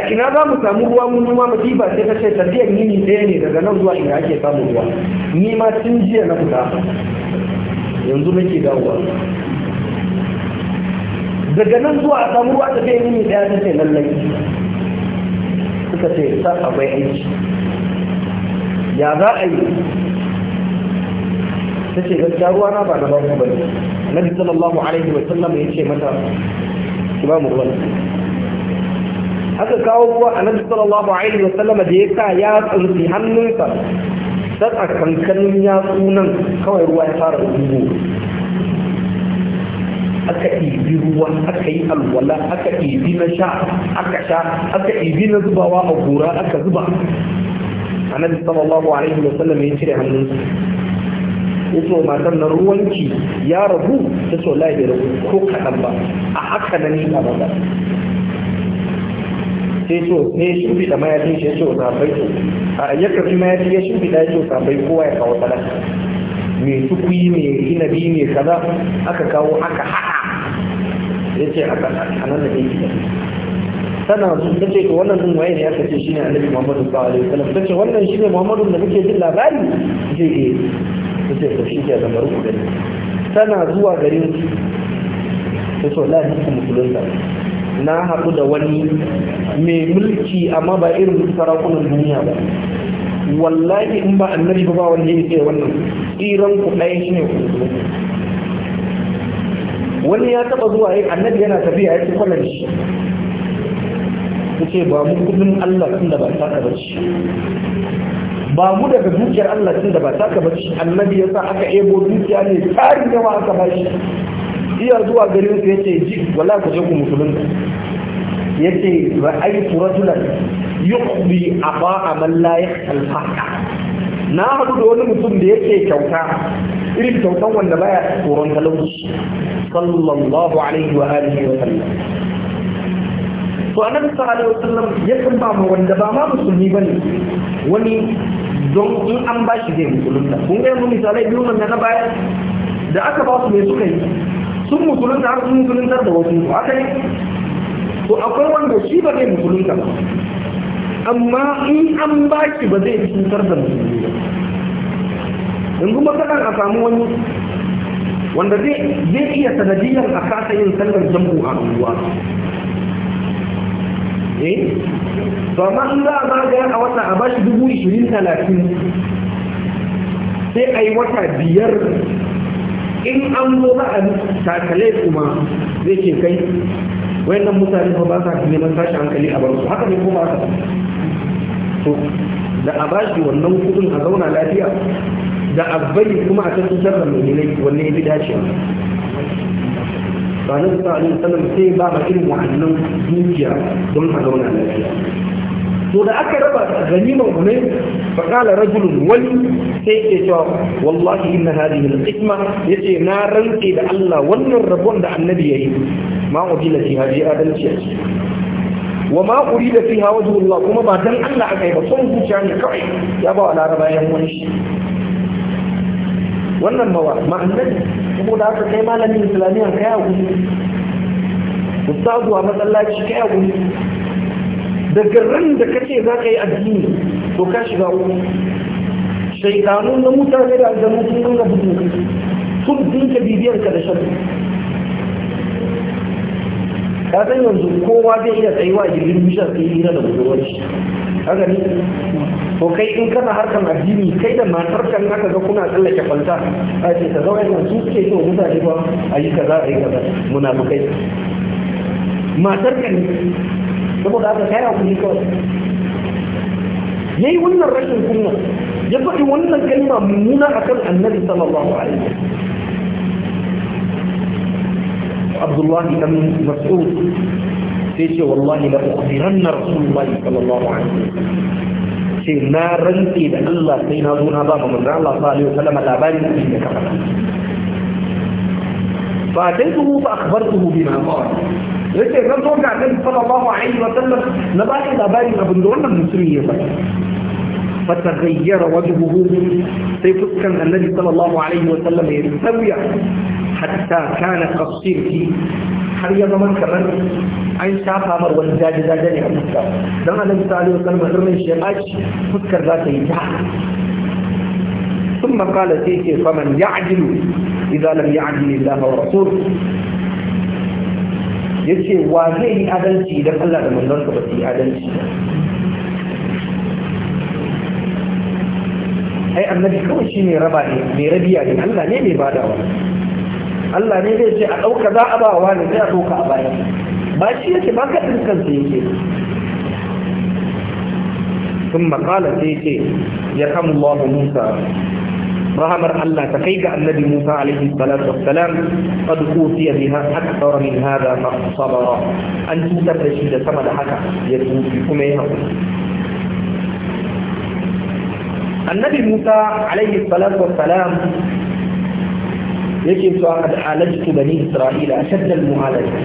a ina za mu samu ruwa mun ruwa masifa sai ta ce tafiyar nini ɗaya ne daga nan zuwa ina ake samun ruwa ni ma tun jiya na fita yanzu nake dawowa daga nan zuwa a samu ruwa ta fiye nini ɗaya ta ce lallai suka ce sa akwai aiki ya za a yi ta ce gaskiya ruwa na ba na sallallahu alaihi wa sallam ya ce mata ki ba mu ruwan aka kawo ruwa a nabi sallallahu alaihi wa sallam da ya sa ya hannunsa sai a kankanin yatsu nan kawai ruwa ya fara dubo aka ɗibi ruwa aka yi alwala aka ɗibi na sha aka sha aka ɗibi na zubawa a gora aka zuba annabi sallallahu alaihi wa sallam ya cire hannunsa ya so matar na ruwanki ya rabu ta so lafi rabu ko kaɗan ba a haka na ni a maza sai so ne shi bi da mayafin shi ya so wa sahabbai to a ya karfi mayafi ya shi bi da ya so wa sahabbai kowa ya kawo sadaka mai tukuyi mai inabi mai kaza aka kawo aka haka ya ce a nan da ke tana ta ce to wannan din waye ne aka ce shine annabi Muhammadu sallallahu alaihi wasallam ta ce wannan shine Muhammadu da muke jin labari ce eh ta ce ta shi ke da maruku gari tana zuwa garin ta ce wallahi ku da na haɗu da wani mai mulki amma ba irin sarakunan duniya ba wallahi in ba annabi ba wanda ne ke wannan iran ku ɗaya shi ne wani ya taɓa zuwa yin eh, annabi yana tafiya ya ce kwallon shi ta ce ba mu kudin Allah tun da ba ta ka bace ba mu daga dukiyar Allah tun da ba ta ka bace annabi ya sa aka ebo dukiya ne tsari yawa aka bashi iya zuwa garin su yace ji wala ku je ku musulunta yace ra'aytu rajulan yuqbi aba'a man la yaqtal na haɗu da wani mutum da yake kyauta irin kyautan wanda baya tsoron talauci sallallahu alaihi wa alihi wa sallam to annabi sallallahu alaihi wasallam san ba mu wanda ba ma musulmi bane wani don in an ba shi zai musulunta kun ga mun misalai biyu nan na baya da aka ba su me suka yi sun musulunta har sun musulunta da wasu to aka yi to akwai wanda shi ba zai musulunta ba amma in an ba shi ba zai cutar da musulmi ba in kuma kaɗan a samu wani wanda zai iya sanadiyar a kasa yin sallar jam'u a unguwa eh to amma in za a magana a wata a bashi dubu ishirin talatin sai a yi wata biyar in an zo ba a takale kuma zai ce kai wayannan mutane ba sa neman tashi hankali a barsu haka ne kuma haka to da a bashi wannan kudin a zauna lafiya da a bayi kuma a tattutar da mulmulai wanne ya fi dacewa ba na sa alaihi wasallam sai ba ma irin wa'annan dukiya don a zauna lafiya to da aka raba ganimar ne fa qala rajulun wali sai ke cewa wallahi inna hadhihi al-qisma yace na rantsi da Allah wannan rabon da annabi yayi ma udila fi hadhihi adalci yace wa ma urida fiha wajhullah kuma ba dan Allah aka yi ba son zuciya ne kawai ya ba wa larabayan wani wannan mawa ma'anar da aka kai malamin islamiyya kai hakuri ustazu a matsalaci kai hakuri daga ran da kace za ka yi addini to ka shiga uku Shaitanun na mutane da aljanu sun nuna bugun sun dinka bibiyarka ka da shaddu ka san yanzu kowa zai iya tsayuwa a jirgin bishar kai hira da budurwar shi haka ne to kai in kana harkan addini kai da matar kan haka ga kuna tsallake kwanta a ce ta zauna yanzu suke so mutane ba a yi kaza a yi kaza mu kai. matar kan saboda haka kai hakuri kawai yayi wannan rashin kunna ya faɗi wannan kalma mummuna akan annabi sallallahu alaihi wasallam Abdullahi ibn Mas'ud سيري والله لأخبرن رسول الله صلى الله عليه وسلم سي ما رنتي الله سينا دون هذا من الله صلى الله عليه وسلم لا بالي إنك فأتيته فأخبرته بما قال لم رسول النبي صلى الله عليه وسلم نبالي لا بالي أبن دون المسلمية فتغير وجهه سيفكا النبي صلى الله عليه وسلم يستوي حتى كان تفصيل في حريه ضمان كمان اي شاف امر وزاد زاد يعني ده انا لسه قال له كلمه رمي الشيخ فكر ذات ثم قال فيه فمن يعدل اذا لم يعدل الله ورسوله يجي واجه ادلتي اذا قال لهم انهم تبقي ادلتي أي أن النبي كوشي ربا ربيع الله ليه بعد أولا Allah ne zai ce a ɗauka za a ba wa wani a ɗauka a bayan ba shi yake ba ka ɗin kansa yake sun makala sai ya kama Allah Musa rahamar Allah ta kai ga annabi Musa alaihi salatu wassalam qad qutiya biha akthar min hadha fa sabara an tutar da shi da sama da haka ya tuki kuma ya hakuri annabi Musa alaihi salatu wassalam yake cewa kad alajtu bani isra'ila ashadda al-mu'alaja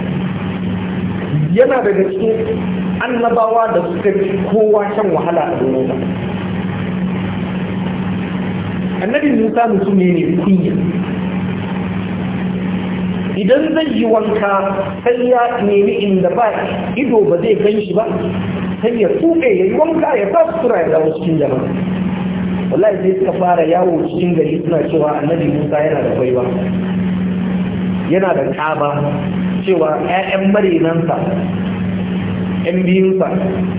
yana daga cikin annabawa da suka fi kowa shan wahala a duniya annabi musa mutum ne ne kunya idan zai yi wanka sai ya nemi inda ba ido ba zai gan shi ba sai ya tuɓe ya yi wanka ya sa sutura ya dawo cikin jama'a wallahi sai suka fara yawo cikin gari suna cewa annabi musa yana da baiwa yana da kaba cewa 'ya'yan marinansa 'yan biyunsa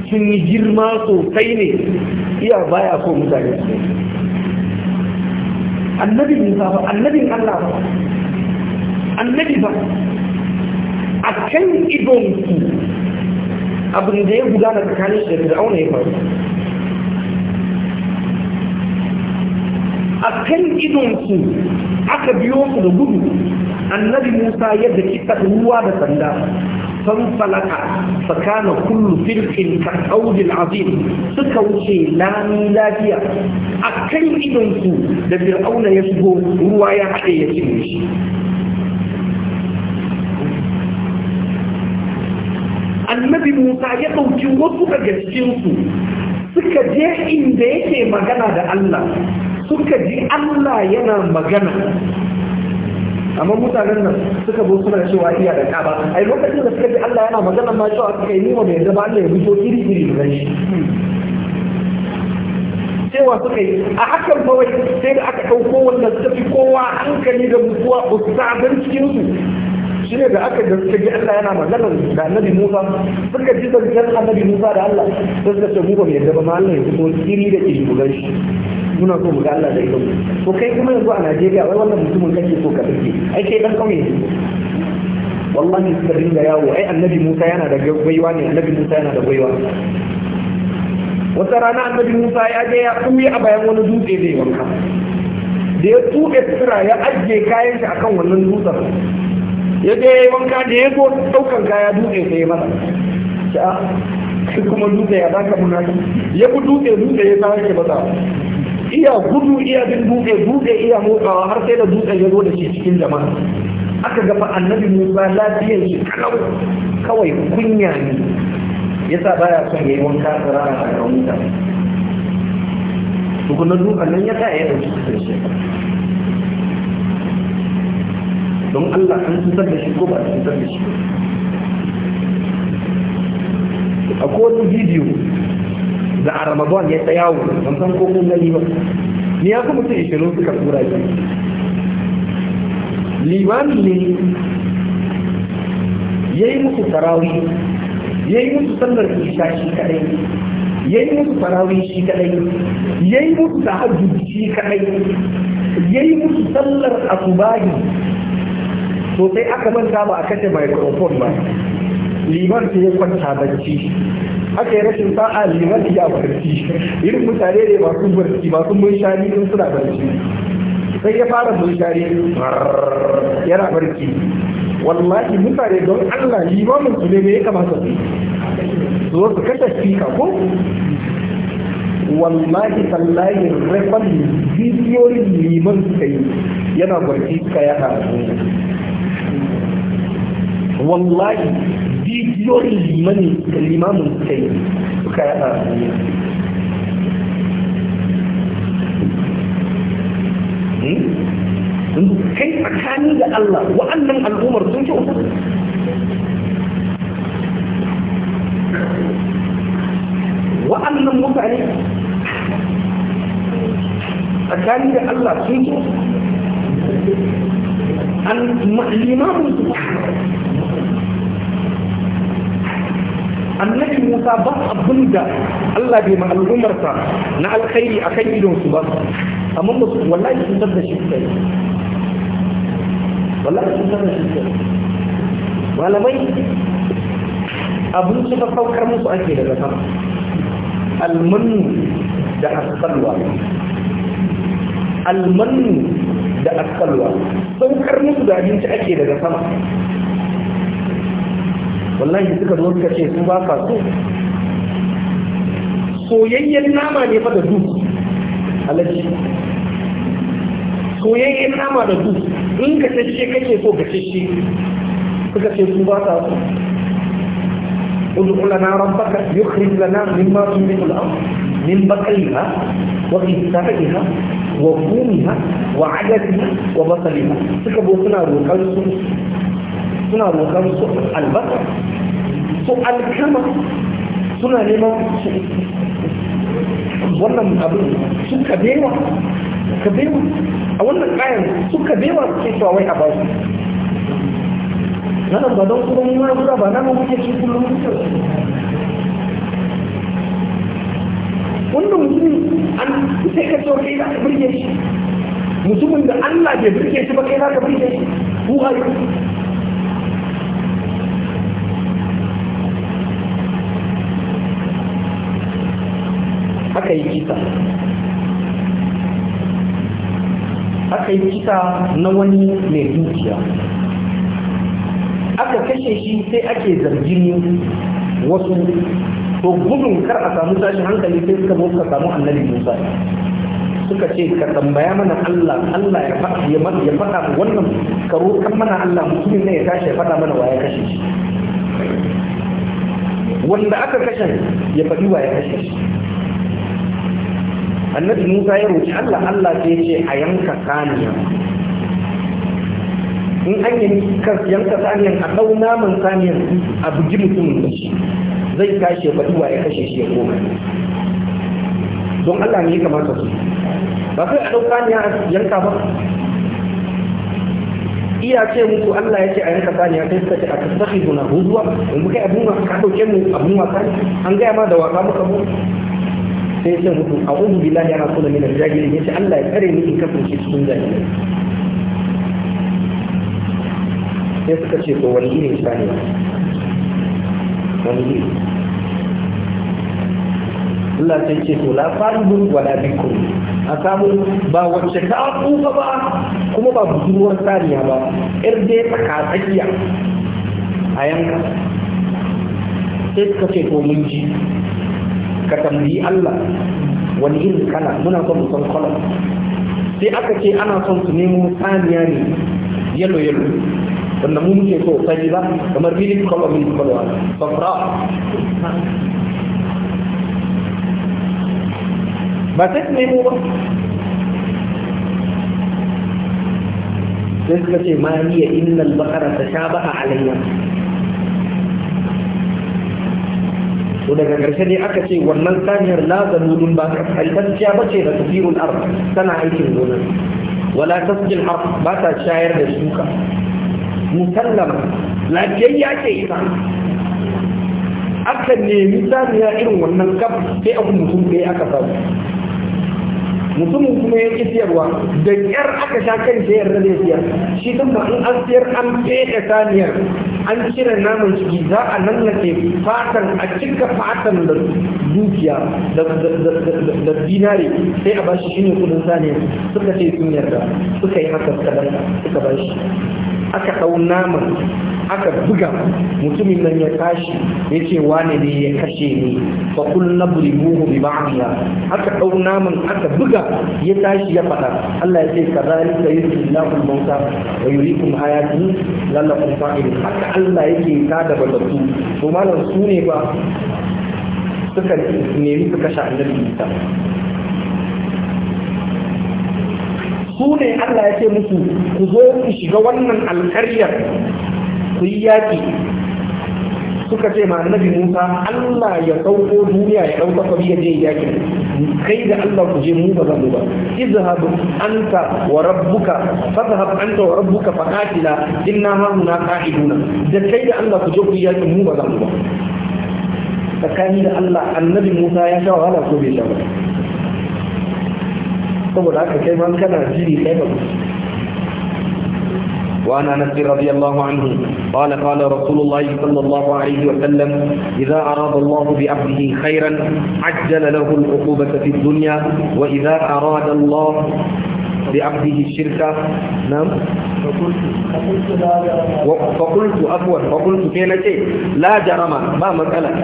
sun yi girma sosai ne iya baya so mutane su annabi musa ba annabin allah ba annabi ba a kan idon ku abin da ya gudana tsakanin shi da fir'auna ya faru a kan idonsu aka biyo su da gudu annabi musa yadda kita ruwa da sanda san falaka fakana kullu firqin ka azim suka wuce lami lafiya a kan idonsu da fir'auna ya shigo ruwa ya haɗe ya shi annabi musa ya ɗauki wasu daga cikinsu suka je inda yake magana da allah suka ji Allah yana magana amma mutanen nan suka zo suna cewa iya da kaba a lokacin da suka ji Allah yana magana ma cewa suka yi nima mai zama Allah ya fito iri iri da ganshi. cewa suka yi a hakan bawai sai da aka ɗauko wanda suka fi kowa hankali da mutuwa ustazan cikin su shi ne da aka ga suka ji Allah yana magana da annabi Musa suka ji zargin annabi Musa da Allah sai suka ce mu ba mai zaba ma Allah ya fito iri da iri da ganshi. muna so mu ga Allah da ido to kai kuma yanzu a Najeriya wai wannan mutumin kake so ka dace ai kai dan kauye wallahi suka da yawo ai annabi Musa yana da gwaiwa ne annabi Musa yana da gwaiwa wata rana annabi Musa ya je ya kuyi a bayan wani dutse da wanka da ya tuɓe tsira ya ajiye kayan shi akan wannan dutsen ya je ya yi wanka da ya zo ɗaukan kaya dutse sai ya masa sai kuma dutse ya zaka muna ya ku dutse dutse ya sake masa iya gudu iya bin dutse dutse iya motsawa har sai da dutse ya zo da shi cikin jama'a aka gaba annabi musa lafiyar shi kalau kawai kunya ne ya sa baya son yayi wanka rana a ga wuta tukunan dutsen nan ya sa ya dauki shi don Allah an cutar da shi ko ba a cutar da shi akwai wani bidiyo da a ramadan ya tsaya wa ban san ko kun gani ba ni ya kuma sai ishirin suka tura shi limami ne ya yi musu tarawi ya yi musu sallar isha shi kadai ya yi musu tarawi shi kadai ya yi musu tahajjud shi kadai ya yi musu sallar asubahi to sai aka manta ba a kashe microphone ba liman ta ya kwanta bacci aka yi rashin sa'a liman ya barci irin mutane ne masu barci masu munshari sun suna barci sai ya fara munshari yana barci wallahi mutane don Allah liman su ne ya kamata su su zo su kashe fika ko wallahi tallahi rafan bidiyoyin liman suka yi yana barci suka yana wallahi limani limanin limamin kai suka yada a duniya hmm? kai tsakani da Allah wa'annan al'ummar sun kyau wa'annan mutane tsakani da Allah sun kyau an limamin su annabi musa ba abin da allah bai ma al'ummarsa na alkhairi a kan su ba amma ba su wallahi sun da shi kai wallahi sun da shi kai malamai abinci ta saukar musu ake daga sama almanu da asalwa almanu da asalwa saukar musu da abinci ake daga sama wallahi suka zo suka ce sun ba ka so soyayyen nama ne fa da du alaji soyayyen nama da du in ka ce shi kake so ka ce shi suka ce su ba ka so udu ulana rabbaka yukhrij lana mimma tumbitu al-ard min baqliha wa qitaha wa qumiha wa adadiha wa basaliha suka bo suna roƙar su suna roƙar su albasa su alkama suna neman su wannan abin su kabewa kabewa a wannan kayan su kabewa suke cewa wai a basu nan ba don kuma nuna wani guda ba nan muke ci kullum muke wannan mutum an kusa ka cewa kai za ka birge shi mutumin da Allah bai birge shi ba kai za ka birge shi ku hari aka yi kisa aka yi kisa na wani mai dukiya aka kashe shi sai ake zargin wasu to gudun kar a samu tashin hankali sai suka zo suka samu annabi musa suka ce ka tambaya mana Allah Allah ya faɗa wannan karo kan mana Allah mutumin ne ya tashi ya faɗa mana ya kashe shi wanda aka kashe ya faɗi ya kashe shi annabi musa ya roki allah allah sai ce a yanka saniya in an yanka saniyan a ɗau naman saniyan a bugi mutumin da shi zai kashe faɗuwa ya kashe shi ya koma don allah ne ya kamata su ba sai a ɗau saniya a yanka ba iya ce muku allah ya ce a yanka saniya sai suka ce a tattafi sahi huzuwa in muka yi abin wasa ka ɗauke mu abin wasa an gaya ma da wasa muka mu sai sun hukun a ubu billahi ana kula min al ne yace Allah ya tsare ni in shi cikin jahili sai suka ce ko wani irin sani wani irin Allah sai ce to la falibun wala bikun a samu ba wacce ta tsufa ba kuma ba budurwar saniya ba yar dai tsaka tsakiya a yanka sai suka ce to mun ji katam tambayi Allah wani irin kala muna son son san kala sai aka ce ana son su nemo saniya ne yalo yalo wanda mu muke so sai ba kamar milik kala milik kala safra ba sai nemo ba sai suka ce ma hiya innal baqara tashabaha alayya to daga ƙarshe ne aka ce wannan saniyar la zalulun ba halittacciya ba ce da tafirul ard tana aikin gona wala tasjil ard ba ta shayar da shuka musallama lafiyayya ce ita aka nemi saniya irin wannan kaf sai abu mutum ɗaya aka samu mutumin kuma ya ƙi siyarwa da ƙyar aka sha kan sayar da zai siyar shi kan ba in an siyar an feɗe saniyar an cire naman ciki za a lallake fatan a cika fatan da dukiya da dinare sai a bashi shine kudin saniya suka ce sun yarda suka yi haka suka suka bashi aka hau naman aka buga mutumin nan ya tashi ya ce wane ne ya kashe ni fa kun nabri buhu bi ba'diya aka dau naman aka buga ya tashi ya fada Allah ya ce kadhalika yuhyilahu al-mauta wa yuriikum ayatihi lallakum ta'qilun haka Allah yake tada batattu to malam su ne ba suka nemi suka kashe annabi Isa su ne Allah ya ce musu ku zo ku shiga wannan alkaryar su yi yaƙi suka ce ma annabi Musa Allah ya sauko duniya ya ɗauka kwabi ya je yaƙi kai da Allah ku je mu ba za mu ba izhab anta wa rabbuka fadhhab anta wa rabbuka faqatila inna hauna qa'iduna da kai da Allah ku je ku yaƙi mu ba za mu ba tsakani da Allah annabi Musa ya sha wahala ko bai sha ba saboda haka kai ma kana jiri kai ba وعن انس رضي الله عنه قال قال رسول الله صلى الله عليه وسلم اذا اراد الله بعبده خيرا عجل له العقوبه في الدنيا واذا اراد الله بعبده الشرك نعم فقلت فقلت عفوا فقلت كينا لا جرم ما مساله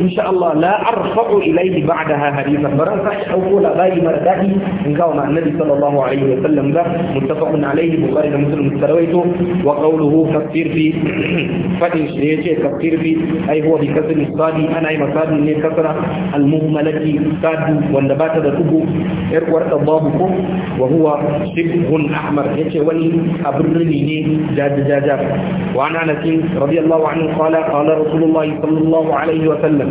إن شاء الله لا أرفع إليه بعدها حديثا بران أو قول غير مردائي إن قام النبي صلى الله عليه وسلم ده متفق عليه بخاري ومسلم استرويته وقوله تفسير في فتن شيء تفسير في أي هو بكثر الصاد أنا أي مصاد من كسر المهملة صاد والنبات ده تبو إرقر وهو شبه أحمر يتي ولي أبرني جاد جاد وعن أنس رضي الله عنه قال قال رسول الله صلى الله عليه وسلم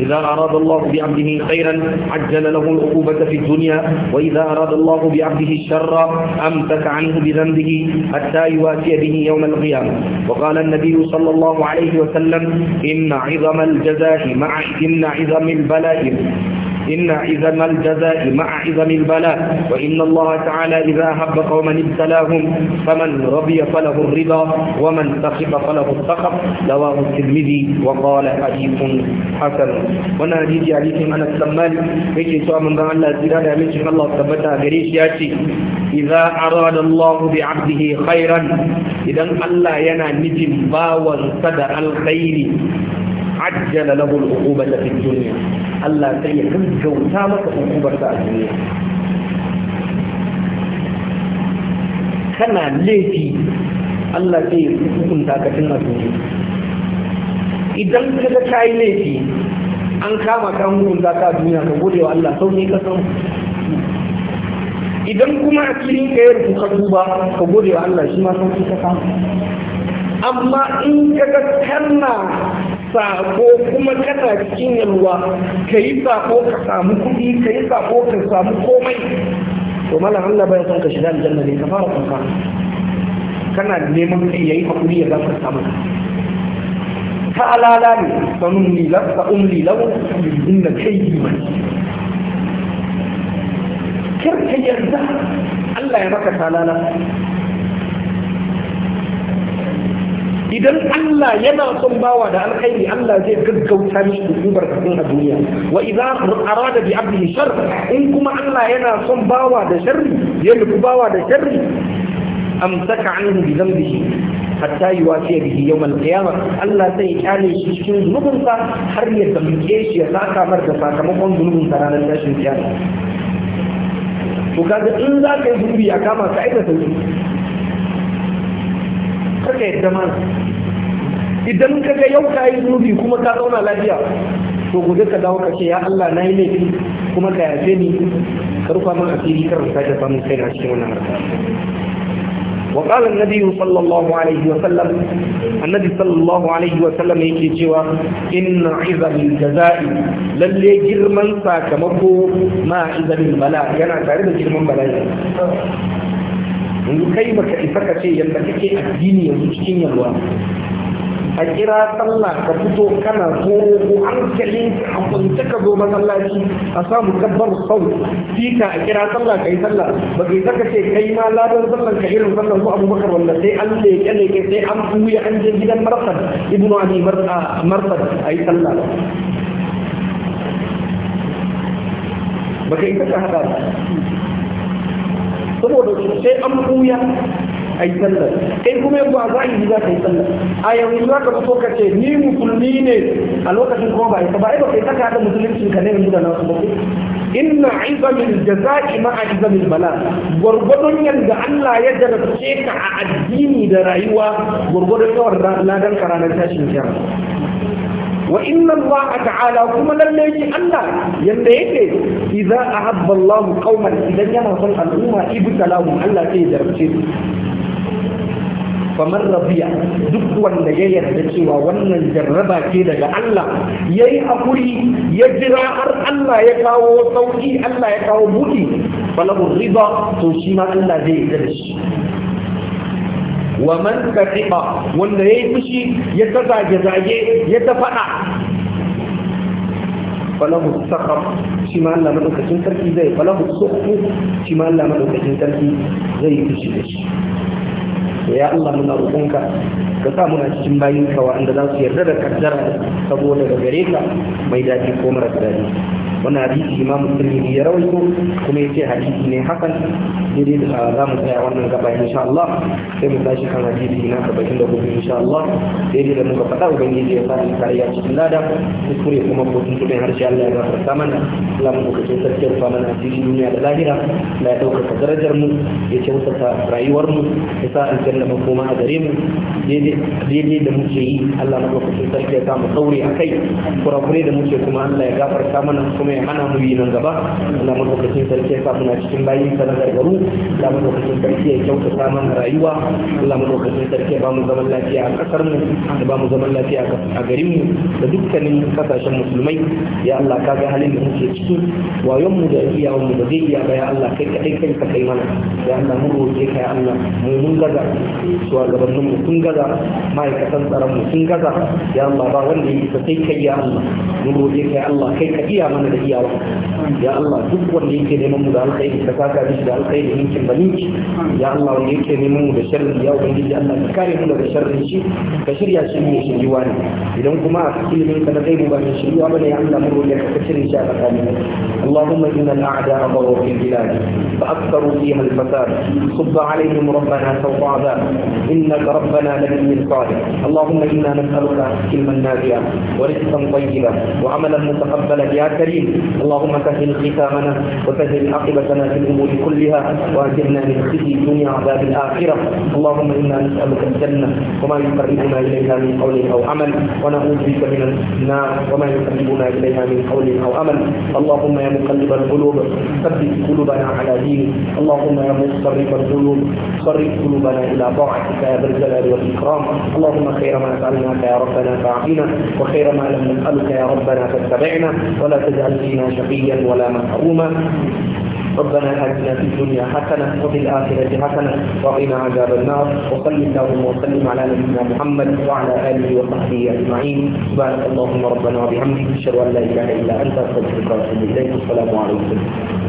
إذا أراد الله بعبده خيرا عجل له العقوبة في الدنيا وإذا أراد الله بعبده الشر أمسك عنه بذنبه حتى يواتي به يوم القيامة وقال النبي صلى الله عليه وسلم إن عظم الجزاء مع إن عظم البلاء إن عظم الجزاء مع عظم البلاء وإن الله تعالى إذا أحب قوما ابتلاهم فمن رضي فله الرضا ومن سخط فله السخط رواه الترمذي وقال حديث حسن وانا حديث عليكم أنا السمالي yake cewa manzon Allah jira da amincin Allah tabbata gare shi ya ce idza arada Allah bi 'abdihi khairan idan Allah yana nufin bawansa da alkhairi ajjala lahu al-uqubata fi dunya Allah sai ya gaggauta maka uqubar sa a duniya kana laifi Allah ya ka a duniya idan ka ga kai laifi an kama ka hukunta ka a duniya ka gode wa Allah sau ne ka san idan kuma a ka yarku ka duba ka gode wa Allah shi ma sauki ka samu amma in ka ga sabo kuma kasa cikin yalwa ka yi sabo ka samu kuɗi ka yi sabo ka samu komai to malam Allah bai son ka shiga aljanna ne ka fara kanka kana neman kai yayi hakuri ya za ka samu ta alala ne sanun ni lafsa umli lahu inna kayyiman kar ka yarda Allah ya maka talala idan Allah yana son bawa da alkhairi Allah zai gaggauta mishi su barkatun a duniya wa idza arada bi abdihi shar in kuma Allah yana son bawa da sharri ya nufi bawa da sharri amsaka anhu bi dhanbihi hatta yuwafiya bihi yawm al Allah sai kyale shi cikin zunubinsa har ya damke shi ya saka mar da sakamakon zunubinsa ranar tashin kiyama to kaga in za ka yi zunubi a kama ka aika sauki saka yadda mana idan ka ga yau ka yi zunubi kuma ka zauna lafiya to gobe ka dawo ka ce ya Allah na yi laifi kuma ka yafe ni ka rufa min asiri kar ka sake samun kai na cikin wannan harka wa qala an-nabi sallallahu alaihi wa sallam annabi sallallahu alaihi wa sallam yake cewa inna izal jazai lalle girman sakamako ma izal bala yana tare da girman bala. yanzu kai baka isa ka ce yadda kake addini yanzu cikin yalwa a kira sallah ka fito kana tsoro ko hankalin a kwance ka zo masallaci a samu kabbar sau fika a kira sallah ka yi sallah ba kai saka ce kai ma ladan sallah ka irin sallah ko abubakar wanda sai an leke leke sai an buya an je gidan marfad ibnu abi marfad a yi sallah ba kai saka hada ba saboda su sai an kuya a yi sallar kai kuma yanzu a zahiri za ka yi sallar a yanzu za ka so ka ce ni musulmi ne a lokacin kuma ba ita ba ai ba kai saka da musulunci ka ne yanzu da na ba inna izamin jaza'i ma'a min bala gwargwadon yanda Allah ya jarabce ka a addini da rayuwa gwargwadon yawan ladan karanar tashin kiyama wa inna Allah ta'ala kuma lalle shi Allah yanda yake idza ahabba Allah qauman idan yana son al'umma ibtalahu Allah sai ya jarabce su faman rabiya duk wanda ya yarda cewa wannan jarraba ce daga Allah ya yi hakuri ya jira har Allah ya kawo sauki Allah ya kawo buɗi falahun riba to shi ma Allah zai yarda da shi wa man kadiba wanda yayi fushi ya ta zage zage ya ta fada falahu saqab shi ma Allah madaukakin sarki zai falahu suqu shi ma Allah madaukakin sarki zai fushi da shi da ya Allah muna roƙonka ka sa muna cikin bayinka wanda za su yarda da kaddara saboda daga gare ka mai dadi ko mara dadi wannan hadisi imam musulmi ya rawaito kuma ya ce hadisi ne hakan daidai da za mu tsaya wannan gaba insha Allah sai mu tashi kan hadisi na arba'in da gobe insha Allah daidai da muka faɗa ubangiji ya sa mu kariya cikin lada kuskure kuma ko tuntuɓen harshe Allah ya gafarta mana Allah mu kace sarkin sarki ya mana duniya da lahira da ya ɗaukaka darajar mu ya kyautata rayuwar mu ya sa zama makoma a gare mu daidai da muke yi Allah na lokacin sarki ya samu sauri a kai kurakure da muke kuma Allah ya gafarta mana kuma ya hana mu yi nan gaba Allah na lokacin sarki ya samu na cikin bayin sa na gargaru Allah na lokacin sarki ya kyautata mana rayuwa Allah na lokacin sarki ya ba mu zaman lafiya a kasar mu da ba mu zaman lafiya a garin mu da dukkanin kasashen musulmai ya Allah ka ga halin da muke ciki wayon mu da iyawan mu da zai iya ba ya Allah kai kaɗai kai ka kai mana ya Allah mu roƙe ka ya Allah mu mun gaza shugabannin mu sun gaza ma'aikatan tsaron mu sun gaza ya Allah ba wanda ya isa sai kai ya Allah mun roƙe kai Allah kai ka iya mana da iyawa ya Allah duk wanda yake neman mu da alkhairi ka saka mishi da alkhairi ninkin ba ninki ya Allah wanda yake neman mu da sharri ya ubangiji Allah ka kare mu daga sharrin shi ka shirya shi ne shiriwa ne idan kuma a ilimin ka na zai mu ba ne shiriwa bane ya Allah mun roƙe ka ka cire shi a tsakanin اللهم إن الأعداء ضروا في البلاد فأكثروا فيها الفساد صب عليهم ربنا سوط عذاب إنك ربنا لنبي صالح اللهم إنا نسألك سلما نافعا ورزقا طيبا وعملا متقبلا يا كريم اللهم سهل ختامنا وسهل عقبتنا في الأمور كلها وأجرنا من خزي الدنيا عذاب الآخرة اللهم إنا نسألك الجنة وما يقربنا إليها من قول أو عمل ونعوذ بك من النار وما يقربنا إليها من قول أو عمل اللهم يا مقلب القلوب ثبت قلوبنا على دينك اللهم يا مصرف القلوب صرف قلوبنا إلى طاعتك يا ذا الجلال والإكرام اللهم خير ما سالناك يا ربنا فأعطنا وخير ما لم نسألك يا ربنا فاتبعنا ولا تجعل فينا شقيا ولا محروما ربنا آتنا في الدنيا حسنة وفي الآخرة حسنة وقنا عذاب النار وصل اللهم وسلم على نبينا محمد وعلى آله وصحبه أجمعين سبحانك اللهم ربنا وبحمدك أشهد أن لا إله إلا أنت أستغفرك وأتوب إليك السلام عليكم